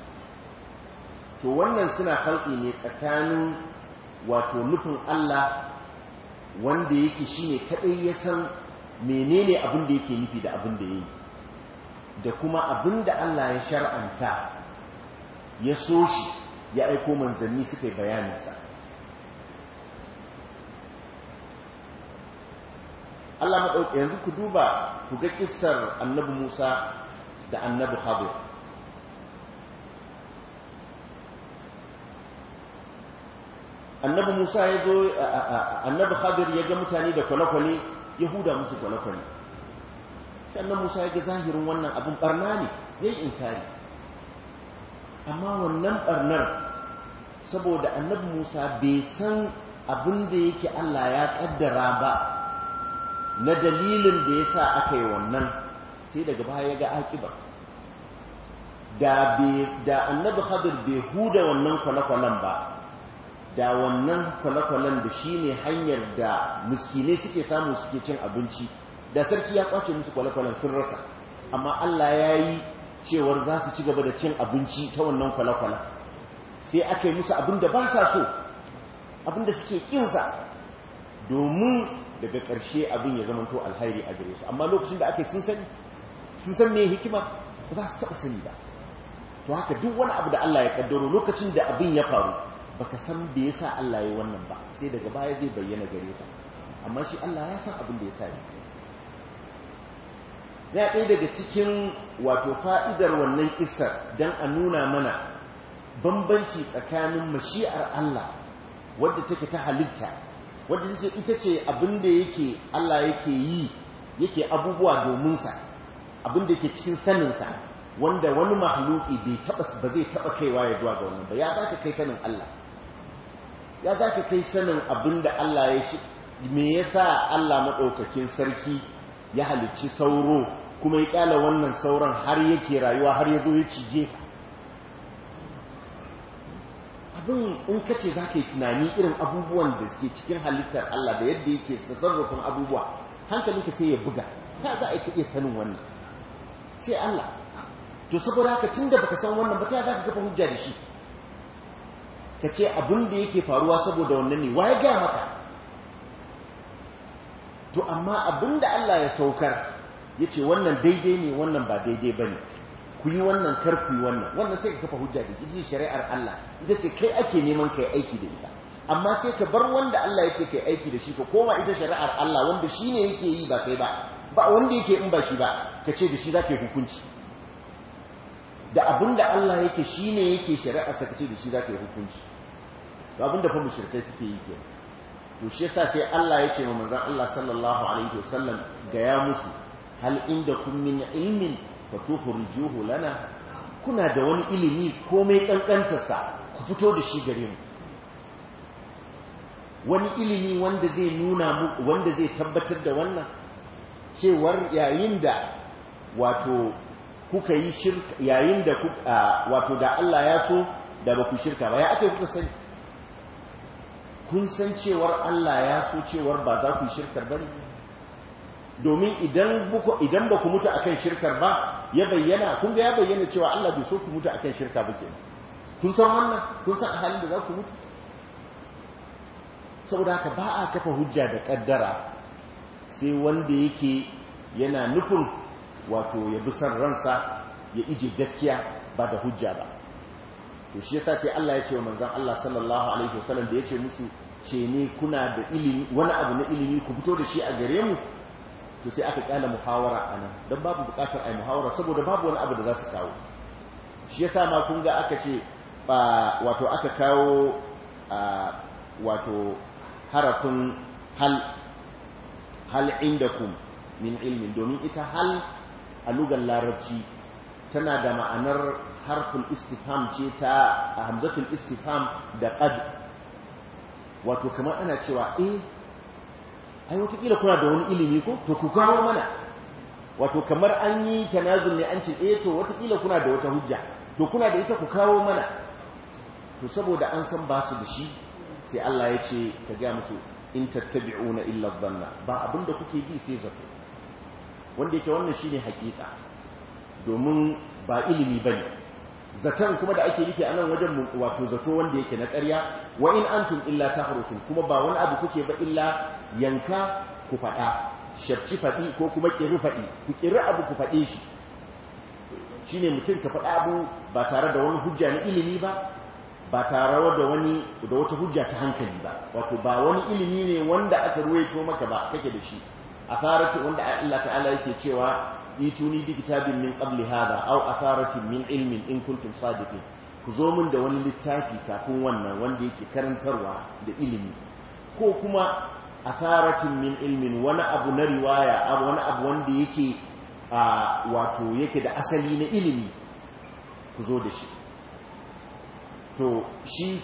to wannan suna halƙi ne tsakanin wato nufin Allah wanda yake shi ne kaɗai ya san menene abin da yake nufi da abin da yi, da kuma abin da Allah ya shar'anta ya so shi ya aiko manzanni suka yi bayaninsa Allah maɗauki yanzu ku duba ku ga kissar annabi Musa da annabi Khadir annabi Musa ya zo annabi Khadir ya ga mutane da kwale-kwale ya huda musu kwale-kwale sai annabi Musa ya ga zahirin wannan abin barna ne ya yi inkari amma wannan barnar saboda annabi Musa bai san abin da yake Allah ya kaddara ba na dalilin da ya sa aka yi wannan sai daga baya ya ga akiba da annabi hadir bai huda wannan kwale-kwalen ba da wannan kwale-kwalen da shi ne hanyar da muskine suke samu suke cin abinci da sarki ya kwace musu kwale-kwalen sun rasa amma allah ya yi cewar za su ci gaba da cin abinci ta wannan kwale-kwalen sai aka yi musu abin da ba sa so abin da suke kinsa domin daga ƙarshe abin ya zamanto alhairi a gare su amma lokacin da aka sun sani sun san me hikima ba za su taɓa sani ba to haka duk wani abu da Allah ya kaddaro lokacin da abin ya faru baka san me yasa Allah ya wannan ba sai daga baya zai bayyana gare ta amma shi Allah ya san abin da ya sa ya ɗaya daga cikin wato fa'idar wannan kisar don a nuna mana bambanci tsakanin mashi'ar Allah wadda take ta halitta wadda ce ita ce abinda yake Allah yake yi yake abubuwa domin sa abin yake cikin sanin sa wanda wani mahluki bai taba ba zai taba kaiwa ya zuwa ga wannan ba ya zaka kai sanin Allah ya zaka kai sanin abin Allah ya shi me yasa Allah madaukakin sarki ya halicci sauro kuma ya kyala wannan sauran har yake rayuwa har ya zo ya cije ka abin in ka ce za ka yi tunani irin abubuwan da suke cikin halittar Allah da yadda yake sassarrafin abubuwa ka sai ya buga ta za a iya sanin wannan sai Allah to saboda haka tun da baka san wannan ba ta za ka kafa hujja da shi ka ce abin da yake faruwa saboda wannan ne wa ya gaya maka to amma abin da Allah ya saukar ya ce wannan daidai ne wannan ba daidai ba ne ku yi wannan kar ku yi wannan wannan sai ka kafa hujja da ita ce shari'ar Allah ita ce kai ake neman kai aiki da ita amma sai ka bar wanda Allah ya ce kai aiki da shi ka koma ita shari'ar Allah wanda shi ne yake yi ba kai ba ba wanda yake in ba shi ba ka ce da shi za ka yi hukunci da abin da Allah yake shi ne yake shari'ar sa ka ce da shi za ka yi hukunci to abin da fa mushrikai suke yi ke to shi yasa sai Allah ya ce wa manzon Allah sallallahu alaihi wasallam ga ya musu hal inda kun min ilmin fatukhrijuhu lana kuna da wani ilimi komai kankantarsa ku fito da shi gare mu wani ilimi wanda zai nuna mu wanda zai tabbatar da wannan cewar yayin da wato kuka yi shirka yayin da wato da Allah ya so da ba ku shirka ba ya aka kuka sani kun san cewar Allah ya so cewar ba za ku shirka bane domin idan ba ku mutu akan shirkar ba ya bayyana kun ga ya bayyana cewa Allah bai so ku mutu akan shirka ba ke kun san wannan kun san halin da za ku mutu saboda haka ba a kafa hujja da kaddara sai wanda yake yana nufin wato ya bi san ransa ya ije gaskiya ba da hujja ba to shi yasa sai Allah ya ce wa manzon Allah sallallahu alaihi wasallam da ya ce musu ce ne kuna da ilimi wani abu na ilimi ku fito da shi a gare mu to sai aka kyala muhawara a nan don babu bukatar a yi muhawara saboda babu wani abu da za su kawo shi ya sa ma kun ga aka ce wato aka kawo wato harafin hal hal inda kun min ilmin domin ita hal a lugar larabci tana da ma'anar harfin istifam ce ta hamzatul istifam da qad wato kamar ana cewa eh ai wataƙila kuna da wani ilimi ko to ku kawo mana wato kamar an yi tanazul ne an ce eh to wataƙila kuna da wata hujja to kuna da ita ku kawo mana to saboda an san ba su da shi sai Allah ya ce ka ga musu in tattabi'una illa dhanna ba abinda kuke bi sai zato wanda yake wannan shine hakika domin ba ilimi bane zaton kuma da ake nufi anan wajen wato zato wanda yake na ƙarya wa in antum illa tahrusun kuma ba wani abu kuke ba illa yanka ku faɗa shafci faɗi ko kuma ƙiri faɗi ku ƙiri abu ku faɗe shi shi ne mutum ka faɗa abu ba tare da wani hujja na ilimi ba ba tare da wani da wata hujja ta hankali ba wato ba wani ilimi ne wanda aka ruwaito maka ba kake da shi asarati wanda Allah ta'ala yake cewa ituni bi kitabin min qabli hada aw asaratin min ilmin in kuntum sadiqin ku zo min da wani littafi kafin wannan wanda yake karantarwa da ilimi ko kuma atharatin min ilmin wani abu na riwaya abu wani abu wanda yake wato yake da asali na ilimi ku zo da shi to shi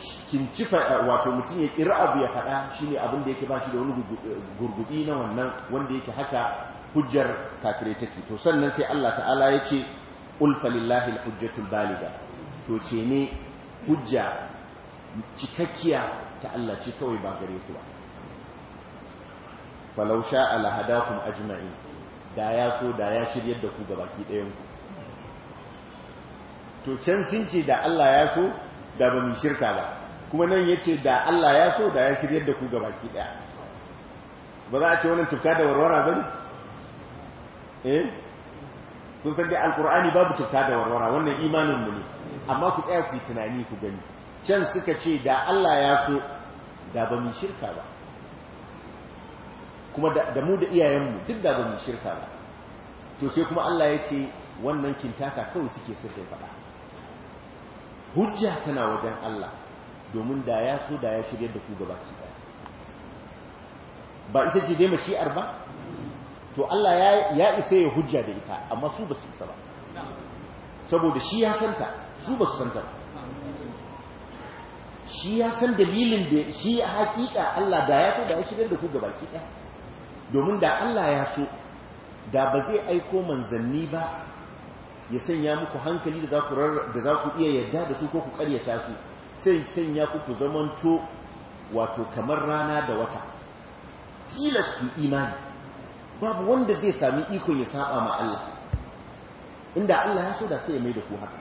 cifa wato mutum ya kira abu ya faɗa shi ne abin da yake ba shi da wani gurgubi na wannan wanda yake haka hujjar kafirai take to sannan sai Allah ta'ala ya ce ulfa lillahi alhujjatul baliga to ce ne hujja cikakkiya ta Allah ce kawai ba gare ku ba falau sha'a lahadakum ajma'in da ya so da ya shirya da ku gabaki ɗayan ku to can sun ce da Allah ya so da ba mu shirka ba kuma nan ya ce da Allah ya so da ya shirya da ku gabaki ɗaya ba za a ce wannan tufka da warwara ne? eh kun san dai alqur'ani babu tufka da warwara wannan imanin mu ne amma ku tsaya ku tunani ku gani can suka ce da Allah ya so da ba mu shirka ba kuma da mu da iyayenmu duk da mu shirka ba to sai kuma Allah ya ce wannan kintaka kawai suke sirri faɗa hujja tana wajen Allah domin da ya so da ya shirya da ku gaba ɗaya ba ita ce dai mashi'ar ba to Allah ya isa ya hujja da ita amma su ba su isa ba saboda shi ya santa su ba su santa ba shi ya san dalilin da shi hakika Allah da ya so da ya shirya da ku ki ɗaya domin da Allah ya so da ba zai aiko manzanni ba ya sanya muku hankali da za ku iya yadda da su ko ku karyata su sai sanya ku ku zamanto wato kamar rana da wata tilas ku imani babu wanda zai sami ikon ya saba ma Allah inda Allah ya so da sai ya mai da ku haka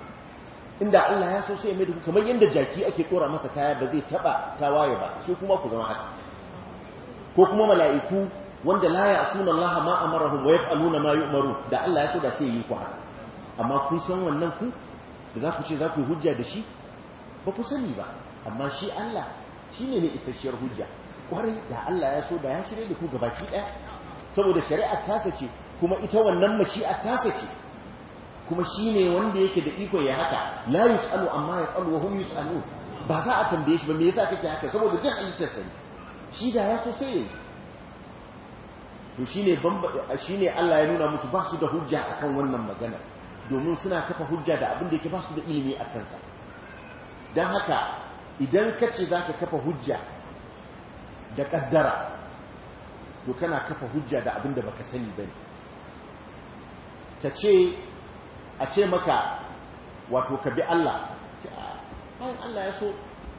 inda Allah ya so sai ya mai da ku kamar yadda jaki ake kora masa kaya ba zai taba tawaye ba shi kuma ku zama haka ko kuma mala'iku wanda la ya asuna Allah ma amarahum wa yaf'aluna ma yu'maru da Allah ya so da sai yi ku haka amma kun san wannan ku da za ku ce za ku hujja da shi ba ku sani ba amma shi Allah shi ne isasshiyar hujja kwarai da Allah ya so da ya shirye da ku gabaki ɗaya saboda shari'ar tasa ce kuma ita wannan mashi'ar tasa ce kuma shi ne wanda yake da iko ya haka la yusalu amma yaqalu wa hum yusalun ba za a tambaye shi ba me yasa kake haka saboda jin halittar sani shi da ya so sai yayi to shine shine Allah ya nuna musu ba su da hujja akan wannan magana domin suna kafa hujja da abin da yake ba su da ilimi a kansa don haka idan ka ce za ka kafa hujja da kaddara to kana kafa hujja da abin da baka sani bane ta ce a ce maka wato ka bi Allah ai ah, Allah ya so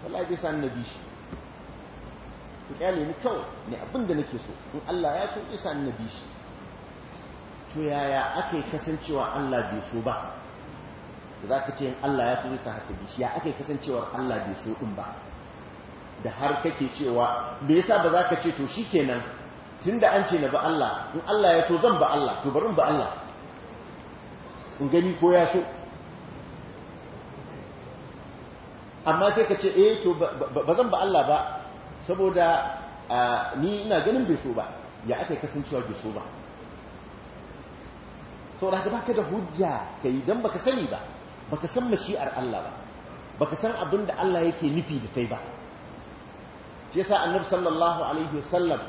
wallahi bai sa bi shi ku ya nemi kawai ne abin da nake so in Allah ya so isa ni bi shi to yaya aka yi kasancewa Allah bai so ba za ka ce in Allah ya so isa haka bi shi ya aka yi kasancewar Allah bai so din ba da har kake cewa me yasa ba za ka ce to shi tun da an ce na ba Allah in Allah ya so zan ba Allah to barin ba Allah in gani ko ya so amma sai ka ce eh to ba zan ba Allah ba saboda ni ina ganin bai so ba ya aka kasancewa bai so ba saboda haka baka da hujja ka yi dan baka sani ba baka san mashi'ar Allah ba baka san abin da Allah yake nufi da kai ba shi yasa annabi sallallahu alaihi wasallam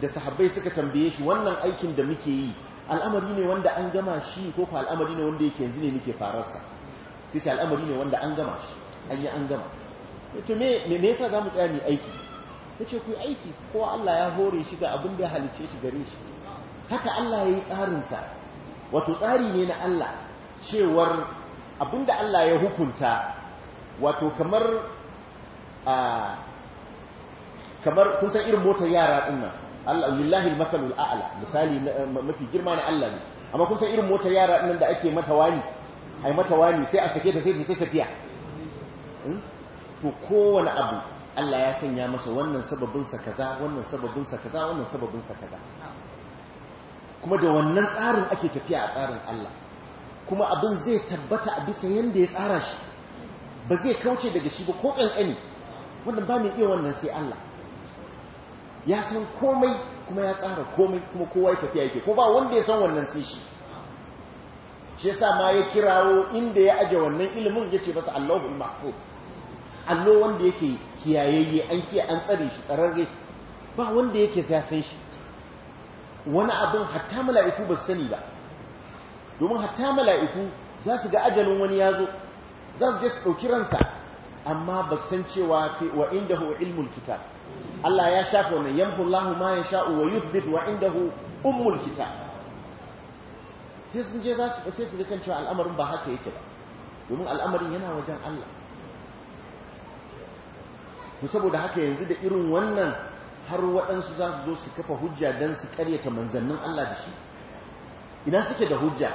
da sahabbai suka tambaye shi wannan aikin da muke yi al'amari ne wanda an gama shi ko ko al'amari ne wanda yake yanzu ne muke fararsa sai ce al'amari ne wanda an gama shi an yi an gama to me me yasa zamu tsaya mu aiki ce ku aiki ko Allah ya hore shi ga abin da ya halice shi gare shi haka Allah ya yi tsarinsa, wato tsari ne na Allah cewar abin da Allah ya hukunta wato kamar a kamar kun san irin motar yara din nan Allah lillahi al-masalul a'la misali mafi girma na Allah ne amma kun san irin motar yara din nan da ake mata wani ai mata wani sai a sake ta sai ta tafiya hmm? to kowane abu Allah ya sanya masa wannan sababinsa kaza wannan sababinsa kaza wannan sababinsa kaza kuma da wannan tsarin ake tafiya a tsarin Allah kuma abin zai tabbata a bisa yanda ya tsara shi ba zai kauce daga shi ba ko kankani wannan ba mai iya wannan sai Allah ya san komai kuma ya tsara komai kuma kowa ya tafiya yake ko ba wanda ya san wannan sai shi shi yasa ma ya kirawo inda ya aje wannan ilimin yace masa al Mahfuz allo wanda yake kiyayayye an ke an tsare shi tsararre ba wanda yake zafin shi wani abin hatta mala'iku ba sani ba domin hatta mala'iku za su ga ajalin wani ya zo za su je su ɗauki ransa amma ba san cewa wa inda hu ilmul kitab Allah ya shafa wannan 'Yan Allah ma ya sha'u wa yuthbit wa inda hu ummul kitab sai sun je za su sai su ga kan cewa al'amarin ba haka yake ba domin al'amarin yana wajen Allah ku saboda haka yanzu da irin wannan har waɗansu za su zo su kafa hujja don su karyata manzannin Allah da shi ina suke da hujja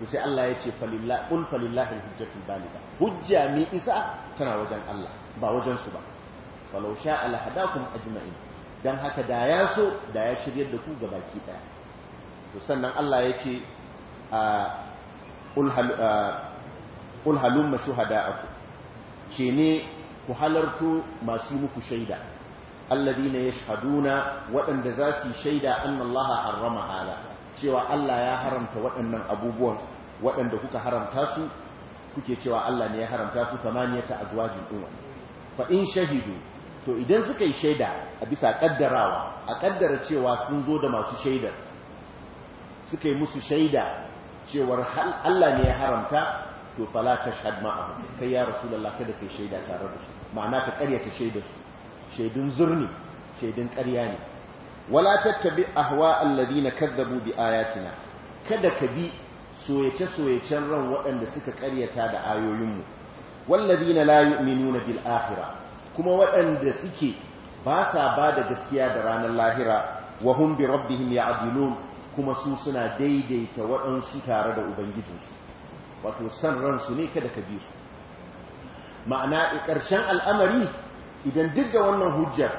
to sai Allah ya ce qul falillahi hujjatu baligha hujja mai isa tana wajen Allah ba wajen su ba falau sha'a a ajma'in dan haka da ya so da ya shiryar da ku gabaki daya to sannan Allah ya ce qul halumma shuhada'akum ce ne ku halarto masu muku shaida ya shahaduna waɗanda za su shaida annallaha harrama hala cewa Allah ya haramta waɗannan abubuwan waɗanda kuka haramta su kuke cewa Allah ne ya haramta su samaniyata zuwa din fa in shahidu to idan suka yi shaida a bisa ƙaddarawa, a ƙaddara cewa sun zo da masu shaidar suka yi musu shaida cewar Allah ne ya haramta to fala tashhad ma'ahum kai ya rasulullah kada kai shaida tare da su ma'ana ka karyata shaida su shaidun zurni shaidun ƙarya ne wala tattabi ahwa alladhina kadzabu bi ayatina kada ka bi soyace soyacen ran waɗanda suka ƙaryata da ayoyinmu walladhina la yu'minuna bil akhirah kuma waɗanda suke ba sa ba da gaskiya da ranar lahira wa hum bi rabbihim ya'dilun kuma su suna daidaita waɗansu tare da ubangijinsu wato san ransu ne kada ka bi su ma'ana ƙarshen al'amari idan duk da wannan hujjar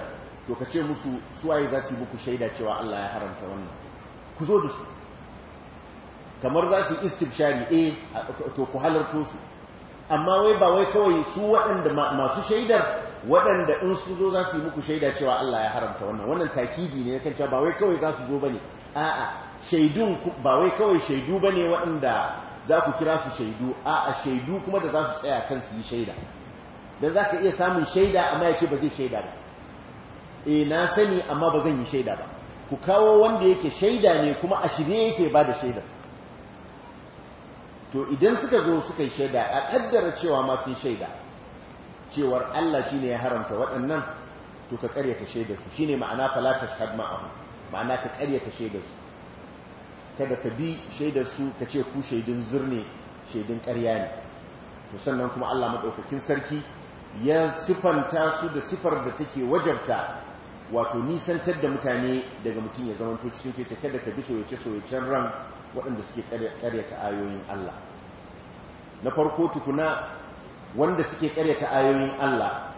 to ka ce musu suwaye za su yi muku shaida cewa Allah ya haramta wannan ku zo da su kamar za su istibshari eh to ku halarto su amma wai ba wai kawai su waɗanda masu shaidar waɗanda in su zo za su yi muku shaida cewa Allah ya haramta wannan wannan takidi ne kan cewa ba wai kawai za su zo bane a'a shaidun ba wai kawai shaidu bane waɗanda za ku kira su shaidu a a shaidu kuma da za su tsaya kan su yi shaida don za ka iya samun shaida amma ya ce ba zai shaida ba E, na sani amma ba zan yi shaida ba ku kawo wanda yake shaida ne kuma a shirye yake ba da shaida to idan suka zo suka yi shaida a kaddara cewa ma sun shaida cewar Allah shine ya haramta waɗannan to ka karyata shaidarsu su shine ma'ana fala tashhad ma'ahu ma'ana ka karyata shaidarsu kada ka bi shaidar su ka ce ku shaidun zurne shaidun karya ne to sannan kuma Allah madaukakin sarki ya sifanta su da sifar da take wajarta wato nisantar da mutane daga mutum ya zamanto cikin kece kada ka bi soyace-soyacen ran waɗanda suke ƙaryata ayoyin Allah na farko tukuna wanda suke ƙaryata ayoyin Allah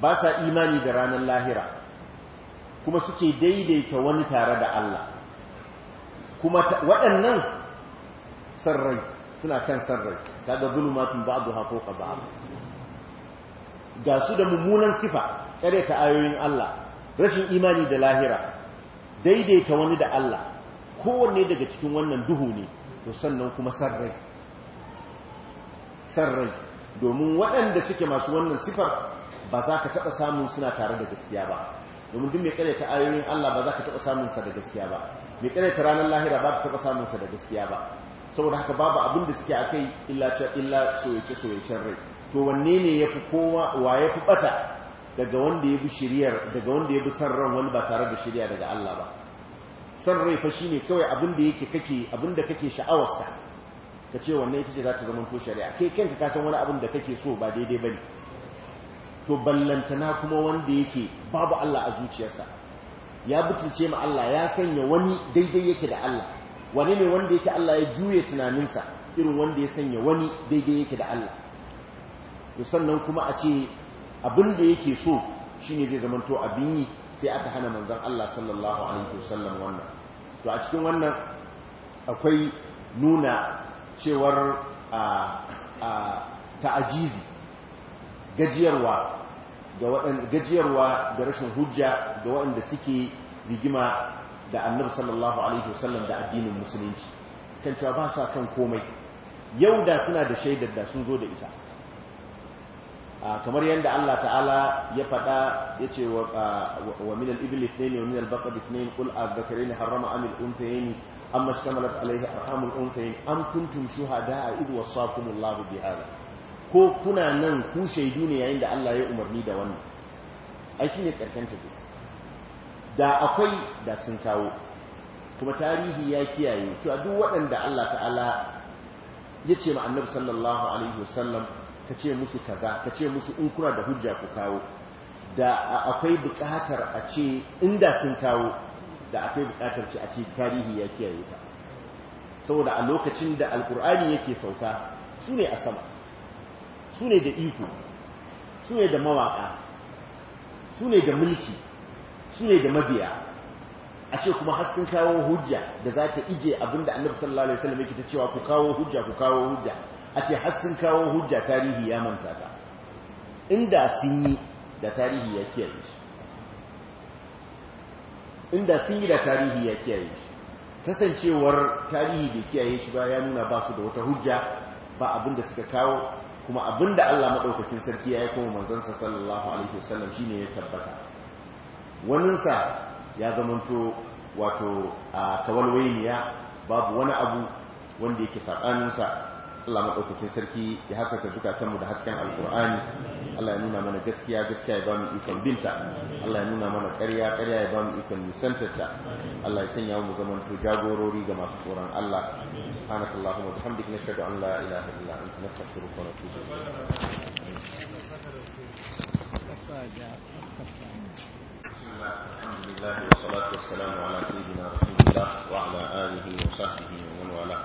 ba sa imani da ranar lahira kuma suke daidaita wani tare da Allah kuma waɗannan sarrai suna kan sarrai kaga zulumatun ba'dha fawqa ga su da mummunan sifa kare ta ayoyin Allah rashin imani da lahira daidaita wani da Allah kowanne daga cikin wannan duhu ne to sannan kuma sarrai sarrai domin waɗanda suke masu wannan sifar ba za ka taɓa samun suna tare da gaskiya ba domin duk mai kare ta ayoyin Allah ba za ka taɓa samunsa da gaskiya ba mai ta ranar lahira ba ta samun samunsa da gaskiya ba saboda haka babu abin da suke akai illa illa soyace soyacen rai to wanne ne yafi kowa wa yafi bata daga wanda yabi shiriyar daga wanda yabi san ran wani ba tare da shirya daga Allah ba san rai fa shine kawai abin da yake kake abin da kake sha'awar sa kace wanne ita ce za ta zama to shari'a kai kanka ka san wani abin da kake so ba daidai bane to ballantana kuma wanda yake babu Allah a zuciyarsa ya butulce ma Allah ya sanya wani daidai yake da Allah Wani ne wanda yake Allah ya juye tunaninsa irin wanda ya sanya wani daidai yake da Allah to sannan kuma a ce abin da yake so shine zai zamanto abin yi sai aka hana manzon Allah sallallahu alaihi wasallam wannan to a cikin wannan akwai nuna cewar a ta'ajizi gajiyarwa ga waɗanda gajiyarwa da rashin hujja ga waɗanda suke rigima da annabi sallallahu alaihi wasallam da addinin musulunci kan cewa ba sa kan komai yau da suna da shaidar da sun zo da ita kamar yadda Allah ta'ala ya faɗa ya ce wa min al-ibil ithnain wa min al-baqar ithnain qul adh harrama am al-unthayayn amma shtamalat alayhi arhamul unthayayn am kuntum shuhada'a idh wasakumullahu bihadha ko kuna nan ku shaidu ne yayin da Allah ya umarni da wannan ai shine karshen ta da akwai da sun kawo kuma tarihi ya kiyaye to duk waɗanda Allah ta'ala ya ce ma annabi sallallahu alaihi wasallam ta ce musu kaza ta ce musu in kuna da hujja ku kawo da akwai buƙatar a ce inda sun kawo da akwai buƙatar ce a ce tarihi ya kiyaye ta saboda a lokacin da alkur'ani yake sauka su ne a sama su ne da iko su ne da mawaƙa su ne da mulki su ne da mabiya a ce kuma har sun kawo hujja da za ta ije abinda annabi sallallahu alaihi wasallam yake ta cewa ku kawo hujja ku kawo hujja a ce har sun kawo hujja tarihi ya manta ta inda sun yi da tarihi ya kiyaye shi inda sun yi da tarihi ya kiyaye shi kasancewar tarihi bai kiyaye shi ba ya nuna ba su da wata hujja ba abinda suka kawo kuma abin da Allah maɗaukacin sarki ya yi kuma manzansa sallallahu alaihi wasallam shine ya tabbata waninsa ya zamanto wato a tawalwayniya babu wani abu wanda yake sakaninsa Allah maɗaukakin sarki ya haskaka zukatanmu da hasken alkur'ani Allah ya nuna mana gaskiya gaskiya ya ba mu ikon binta Allah ya nuna mana ƙarya ƙarya ya ba mu ikon nisantarta Allah ya sanya mu zaman to jagorori ga masu tsoron Allah subhanakallahu wa bihamdika nashhadu an la ilaha illa anta nastaghfiruka wa natubu Alhamdulillah wa salatu wa salamu ala sayyidina Rasulillah wa ala alihi wa sahbihi wa man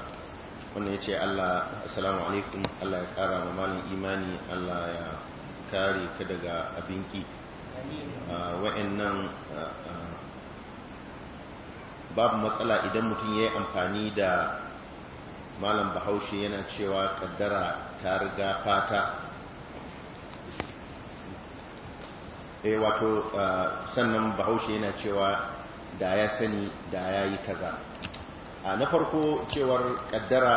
wannan ya ce Allah assalamu alaikum Allah ya kara ma malin imani Allah ya kare ka daga abinki wa'annan babu matsala idan mutum ya yi amfani da malam bahaushe yana cewa kaddara ta riga fata e wato sannan bahaushe yana cewa da ya sani da ya yi kaza a na farko cewar kaddara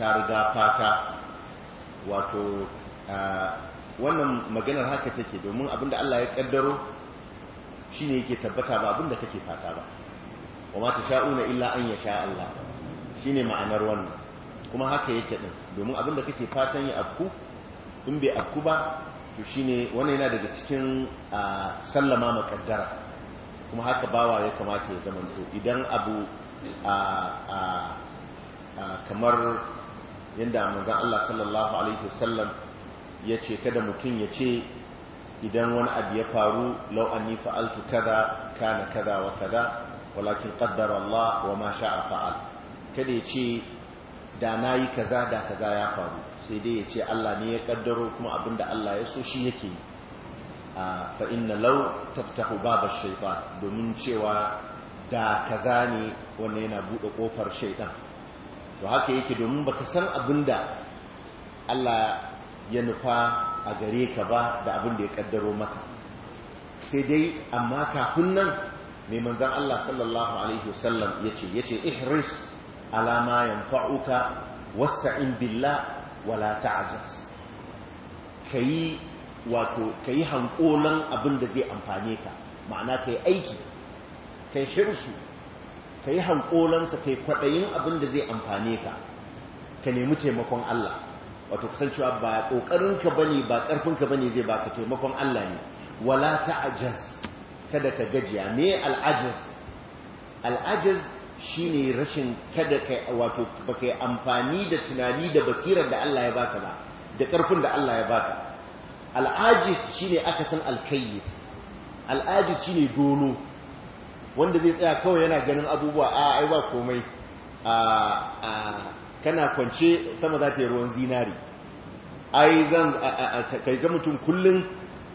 ta riga fata wato wannan maganar haka take domin abinda Allah ya kaddaro shine yake tabbata ba abinda kake fata ba wa ma tasha'una illa an ya yasha Allah shine ma'anar wannan kuma haka yake din domin abinda kake fatan ya afku in bai afku ba to shine wannan yana daga cikin sallama makaddara kuma haka bawa ya kamata ya zamanto idan abu kamar yadda manzon Allah sallallahu alaihi wasallam ya ce kada mutum ya ce idan wani abu ya faru lau anni fa'altu kaza kana kaza wa kaza walakin qaddara Allah wa ma sha'a fa'al kada ya ce da nayi kaza da kaza ya faru sai dai ya ce Allah ne ya kaddaro kuma abinda Allah ya so shi yake yi fa inna law taftahu babash shaytan domin cewa da kaza ne wanda yana buɗe ƙofar shaidan to haka yake domin baka san abin da Allah ya nufa a gare ka ba da abin da ya kaddaro maka sai dai amma kafin nan mai manzan Allah sallallahu alaihi wasallam yace yace ihris alama ma yanfa'uka wasta'in billah wala Ka kayi wato kayi hankolan abin da zai amfane ka ma'ana kai aiki kai hirsu ka yi hankolansa kai kwaɗayin abin da zai amfane ka ka nemi taimakon Allah wato kasancewa ba ƙoƙarinka ba ne ba ƙarfinka ba ne zai baka taimakon Allah ne wala ta ajaz kada ka gajiya me al'ajaz al'ajaz shi ne rashin kada ka wato ba ka yi amfani da tunani da basirar da Allah ya baka ba da ƙarfin da Allah ya baka al'ajiz shi ne aka san alkayyis al'ajiz shi ne dono wanda zai tsaya kawai yana ganin abubuwa a ai ba komai a kana kwance sama za ta yi ruwan zinari ai zan kai ga mutum kullum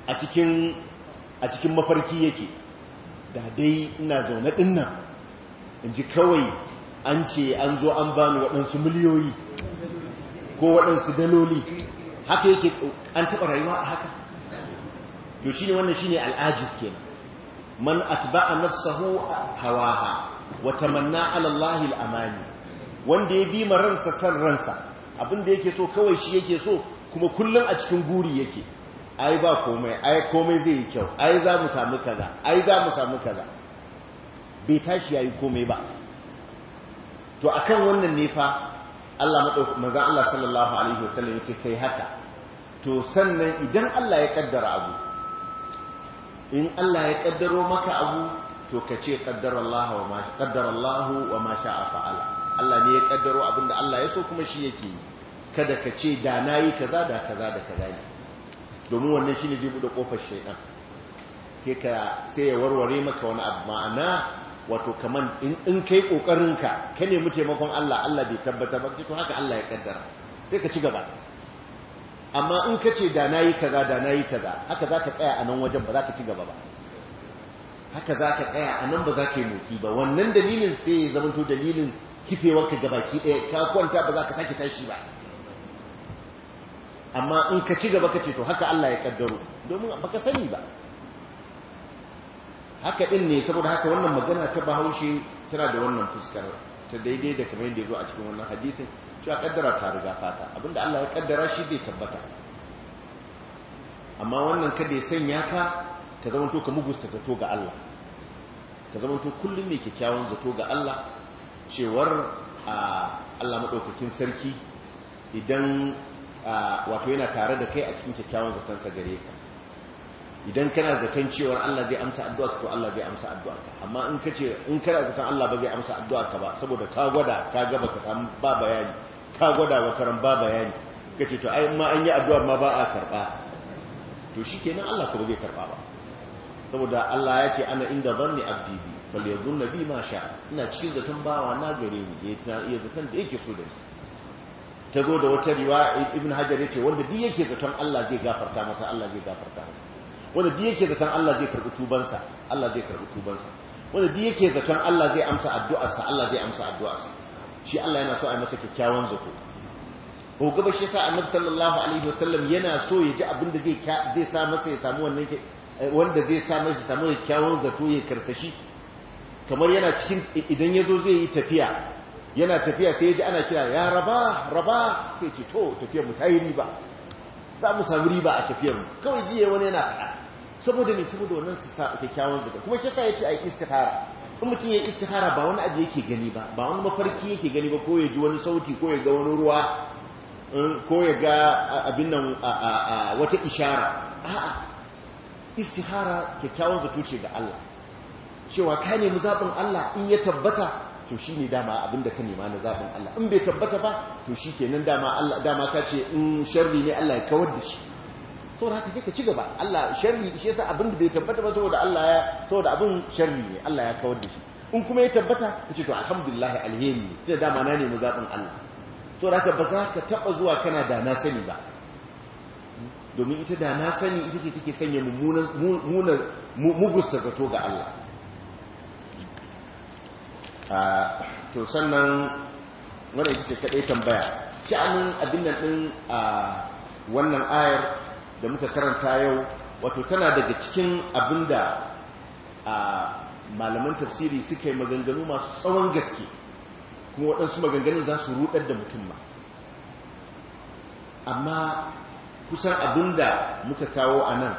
a cikin mafarki yake da dai ina zaune dinnan in ji kawai an ce an zo an bani waɗansu miliyoyi ko waɗansu daloli haka yake an taɓa rayuwa a haka yau shi ne wannan shi ne al'ajis kenan man atba'a nafsahu hawaha wa tamanna 'ala Allahi al-amani wanda ya bi maransa ransa san ransa abinda yake so kawai shi yake so kuma kullun a cikin guri yake ai ba komai ai komai zai yi kyau ai za mu samu kaza ai za mu samu kaza bai tashi yayi komai ba to akan wannan ne fa Allah madaukakin manzo Allah sallallahu alaihi wasallam yace kai haka to sannan idan Allah ya kaddara abu in Allah ya kaddaro maka abu to ka ce kaddara Allah wa ma sha'a fa'ala Allah ne ya kaddaro da Allah ya so kuma shi yake yi kada ka ce da nayi kaza da kaza da kaza ne domin wannan shine zai da kofar shaytan sai ya warware maka wani abu ma'ana wato kaman in in kai kokarin ka ka nemi taimakon Allah Allah bai tabbata ba to haka Allah ya kaddara sai ka ci gaba amma in ka ce da na yi kaza da na yi kaza haka za ka tsaya a nan wajen ba za ka ci gaba ba haka za ka tsaya a nan ba za ka yi motsi ba wannan dalilin sai ya zama dalilin kifewar ka gabaki ɗaya ka kwanta ba za ka sake tashi ba amma in ka ci gaba ka ce to haka Allah ya kaddaro domin baka sani ba haka din ne saboda haka wannan magana ta bahaushe tana da wannan fuskar ta daidai da kamar yadda ya zo a cikin wannan hadisin cewa kaddara ta riga fata abinda Allah ya kaddara shi bai tabbata amma wannan kada ya sanya ka ta zama to ka mugusta to ga Allah ta zama to kullum mai kyakkyawan zato ga Allah cewar Allah madaukakin sarki idan wato yana tare da kai a cikin kyakkyawan sa gare ka idan kana zaton cewar Allah zai amsa addu'a to Allah zai amsa addu'a ka amma in kace in kana zaton Allah ba zai amsa addu'a ka ba saboda ka gwada ka ga baka samu ba bayani ka gwada wa karan ba bayani ka ce to ai ma an yi addu'ar ma ba a karɓa to shikenan Allah ka zai karɓa ba saboda Allah ya ce ana inda zanni abdi fal yadun nabi ma sha ina cikin zaton bawa na gare ni ya ta iya zaton da yake so da ni ta go da wata riwaya ibn hajar yace wanda duk yake zaton Allah zai gafarta masa Allah zai gafarta masa wanda duk yake zaton Allah zai karbi tubansa Allah zai karbi tubansa wanda duk yake zaton Allah zai amsa addu'arsa Allah zai amsa addu'arsa shi Allah yana so a masa kyakkyawan zato ko gaba shi sa annabi sallallahu alaihi wasallam yana so ya ji abin da zai zai sa masa ya samu wannan eh, wanda zai sa masa samu kyakkyawan zato ya karsashi kamar yana cikin idan yazo zai yi tafiya yana tafiya sai ya ji ana kira ya raba raba sai ce to tafiyar mu ta yi riba za mu samu riba a tafiyar mu kawai jiya wani yana faɗa saboda ne saboda wannan su sa kyakkyawan zato kuma shi sa ya ce ai istikhara in mutum ya istihara ba wani abu yake gani ba ba wani mafarki yake gani ba ko ya ji wani sauti ko ya ga wani ruwa eh, ko ya ga abin nan wata ishara a'a istihara kyakkyawan zato ce ga Allah cewa ka nemi zaɓin Allah in ya tabbata to shi ne dama abin da ka nema na zaɓin Allah in bai tabbata ba to shi kenan dama ka ce in sharri ne Allah ya kawar da shi da haka ka ci gaba Allah sharri shi yasa abin da bai tabbata ba saboda Allah ya saboda abin sharri ne Allah ya kawar da shi in kuma ya tabbata ka ce to alhamdulillah alheri ne sai dama na ne zaɓin Allah da haka ba za ka taba zuwa kana da na sani ba domin ita da na sani ita ce take sanya mummunan munar mugusta zato ga Allah ah, to sannan wannan ita ce kadai tambaya sha'anin abin nan din a ah, wannan ayar da muka karanta yau wato tana daga cikin abinda a malaman tafsiri suka yi maganganu masu tsawon gaske kuma waɗansu maganganun za su rudar da mutum ma amma kusan abinda muka kawo a nan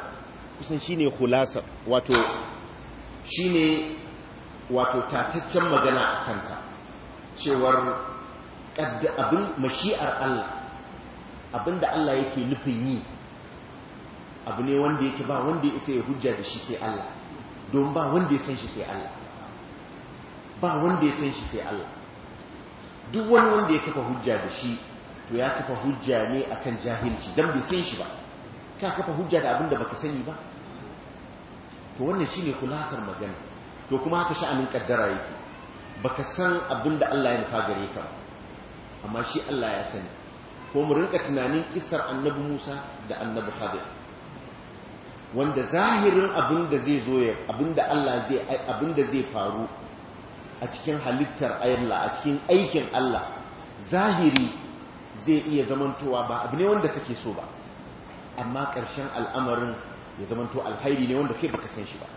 kusan shi hulasa wato ne wato tataccen magana a kanta cewar abin mashi'ar Allah abinda Allah yake nufin yi abu ne wanda yake ba wanda isa ya hujja da shi sai Allah don ba wanda ya san shi sai Allah ba wanda ya san shi sai Allah duk wani wanda ya kafa hujja da shi to ya kafa hujja ne akan jahilci dan bai san shi ba ka kafa hujja da abin da baka sani ba to wannan shine kulasar magana to kuma haka sha'anin kaddara yake baka san abin da Allah ya nufa gare ka amma shi Allah ya sani ko mu rinka tunanin kissar annabi Musa da annabi Khadir wanda zahirin abin da zai zo abin da Allah zai abin zai faru a cikin halittar Allah a cikin aikin Allah zahiri zai iya zamantowa ba abu ne wanda kake so ba amma ƙarshen al'amarin ya zamanto alhairi ne wanda kai baka san shi ba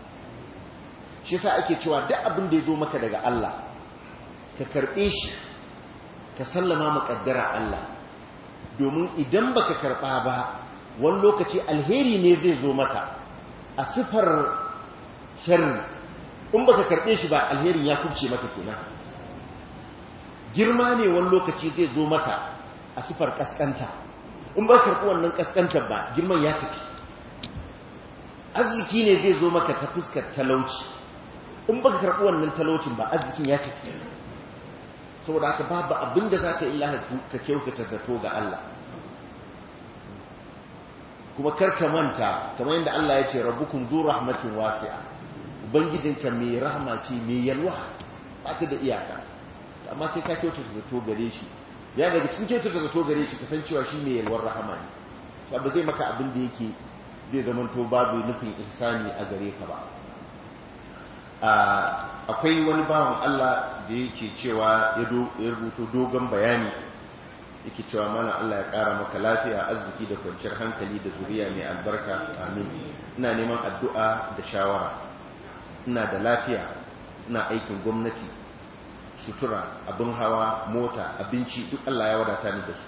shi yasa ake cewa duk abin da ya zo maka daga Allah ka karɓe shi ka sallama muƙaddara Allah domin idan baka karɓa ba wani lokaci alheri ne zai zo maka a sifar sharri in ka karɓe shi ba alherin ya kubce maka kenan girma ne wani lokaci zai zo maka a sifar ƙasƙanta in ba karɓi wannan ƙasƙantar ba girman ya tafi arziki ne zai zo maka ta fuskar talauci in ba karɓi wannan talaucin ba arzikin ya tafi saboda aka babu abin da za ka yi ka kyau ka tattato ga Allah kuma karka manta kamar yadda Allah ya ce rabbukum zu rahmatin wasi'a ubangijinka mai rahama ce mai yalwa ba ta da iyaka amma sai ka kyauta ta zato gare shi ya daga cikin kyauta ta zato gare shi ka cewa shi mai yalwar rahama ne ba zai maka abin da yake zai zama to babu nufin ihsani a gare ka ba akwai wani bawan Allah da yake cewa ya rubuto dogon bayani yake cewa mana Allah ya kara maka lafiya arziki da kwanciyar hankali da zuriya mai albarka amin ina neman addu'a da shawara ina da lafiya ina aikin gwamnati sutura abin hawa mota abinci duk Allah ya wadata ni da su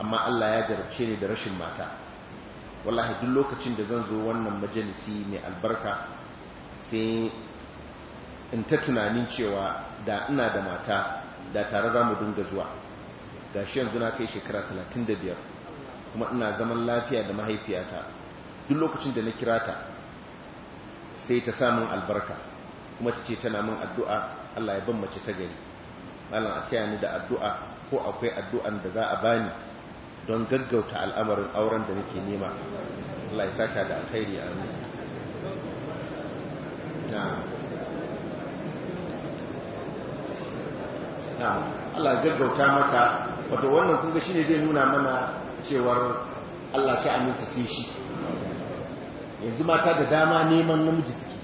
amma Allah ya jarabce ni da rashin mata wallahi duk lokacin da zan zo wannan majalisi mai albarka sai in ta tunanin cewa da ina da mata da tare za mu dinga zuwa da shi yanzu na kai shekara 35 kuma ina zaman lafiya da mahaifiyata duk lokacin da na kira ta sai ta samun albarka kuma ta ce tana min addu'a Allah ya ban mace ta gari malam a taya ni da addu'a ko akwai addu'an da za a bani don gaggauta al'amarin auren da nake nema Allah ya saka da alkhairi amin Allah gaggauta maka wato wannan kunga shi ne zai nuna mana cewar Allah sai aminta sai shi yanzu mata da dama neman namiji suke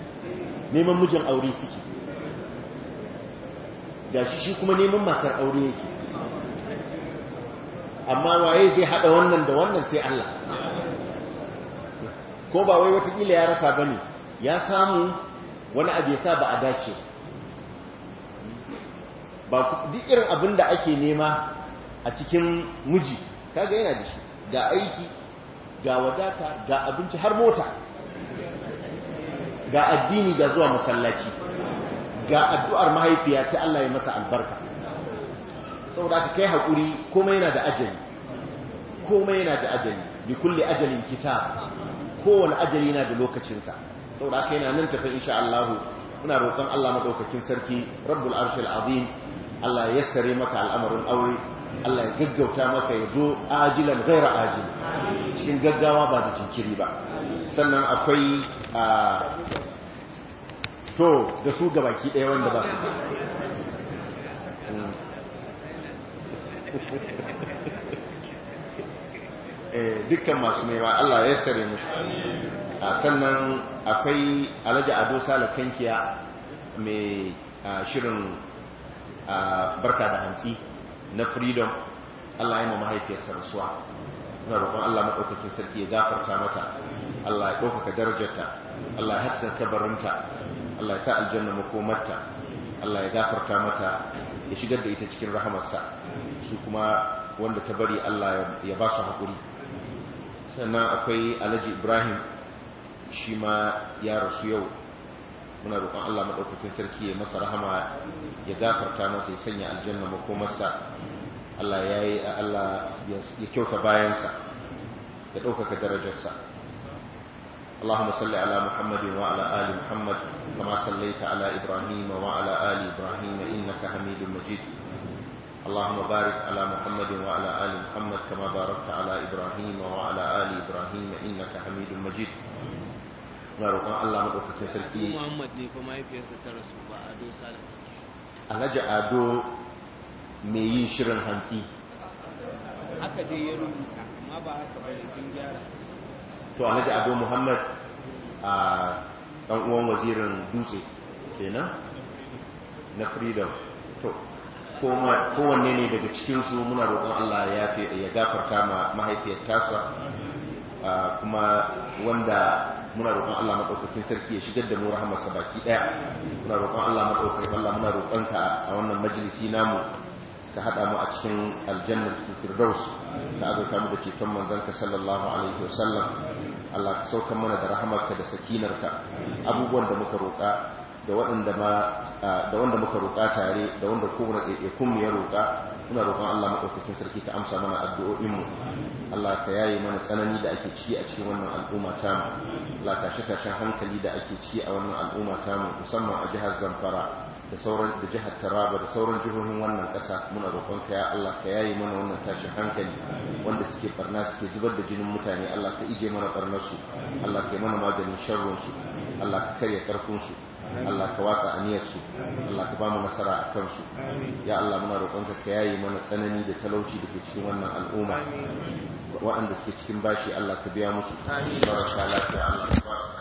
neman mijin aure suke ga shi shi kuma neman matar aure yake amma waye zai hada wannan da wannan sai Allah ko ba wai watakila ya rasa bane ya samu wani abu yasa ba a dace ba duk irin abin da ake nema a cikin miji kaga yana da shi ga aiki ga wadata ga abinci har mota ga addini ga zuwa masallaci ga addu'ar mahaifiya ta Allah ya masa albarka saboda aka kai haƙuri komai yana da ajali komai yana da ajali bi kulli ajalin kitab kowane ajali yana da lokacinsa saboda aka yana nan tafi insha Allah muna roƙon Allah madaukakin sarki rabbul arshil azim Allah ya sare maka al'amarin aure Allah ya gaggauta maka ya zo ajilan gaira ajil cikin gaggawa ba da jinkiri ba sannan akwai a to da su gabaki ɗaya wanda ba eh, dukkan masu wa Allah ya sare musu sannan akwai alaji ado salakankiya mai shirin barka da hansi na freedom Allah ya ma mahaifiyarsa rasuwa ina roƙon Allah maɗaukakin sarki ya gafarta mata Allah ya ɗaukaka darajarta Allah ya haskaka kabarinta Allah ya sa aljanna makomarta Allah ya gafarta mata ya shigar da ita cikin rahamarsa su kuma wanda ta bari Allah ya ba su haƙuri sannan akwai alhaji ibrahim shi ma ya rasu yau muna roƙon Allah madaukakin sarki ya masa rahama ya gafarta masa ya sanya aljanna makomarsa Allah ya yi Allah ya kyauta bayansa ya ɗaukaka darajarsa اللهم صل على محمد وعلى آل محمد كما صليت على إبراهيم وعلى آل إبراهيم إنك حميد مجيد اللهم بارك على محمد وعلى آل محمد كما باركت على إبراهيم وعلى آل إبراهيم إنك حميد مجيد na roƙon Allah madaukakin sarki Muhammad ne kuma mahaifiyarsa ta rasu ba Ado Salim Alhaji Ado mai yin shirin hantsi aka je yi rubuta amma ba haka ba ne sun gyara to Alhaji Ado Muhammad a dan uwan wazirin Dutse kenan na Freedom to kowanne ne daga cikinsu muna roƙon Allah ya gafarta ma mahaifiyar tasa kuma wanda muna roƙon Allah maɗaukakin sarki ya shigar da mu rahamarsa baki ɗaya. muna roƙon Allah maɗaukakin Allah muna roƙon ka a wannan majalisi namu ka haɗa mu a cikin aljannar firdaus ka azurta mu da ceton manzon ka sallallahu alaihi wasallam Allah ka saukar mana da rahamarka da sakinarka abubuwan da muka roƙa da waɗanda ma da wanda muka roƙa tare da wanda kowane ɗaiɗaikun mu ya roƙa muna roƙon Allah maɗaukakin sarki ka amsa mana addu'o'inmu Allah ka yaye mana tsanani da ake ci a cikin wannan al'umma ta mu Allah ka shaka hankali da ake ci a wannan al'umma ta mu musamman a jihar Zamfara da sauran da jihar Taraba da sauran jihohin wannan ƙasa muna roƙon ka ya Allah ka yaye mana wannan tashin hankali wanda suke barna suke zubar da jinin mutane Allah ka ije mana barnar su Allah ka yi mana maganin sharrin su Allah ka karya karfin su Allah ka watsa aniyarsu Allah ka ba mu nasara a kansu ya Allah muna roƙonka ka yayi mana tsanani da talauci da ke cikin wannan al'umma waɗanda suke cikin bashi Allah ka biya musu marasa lafiya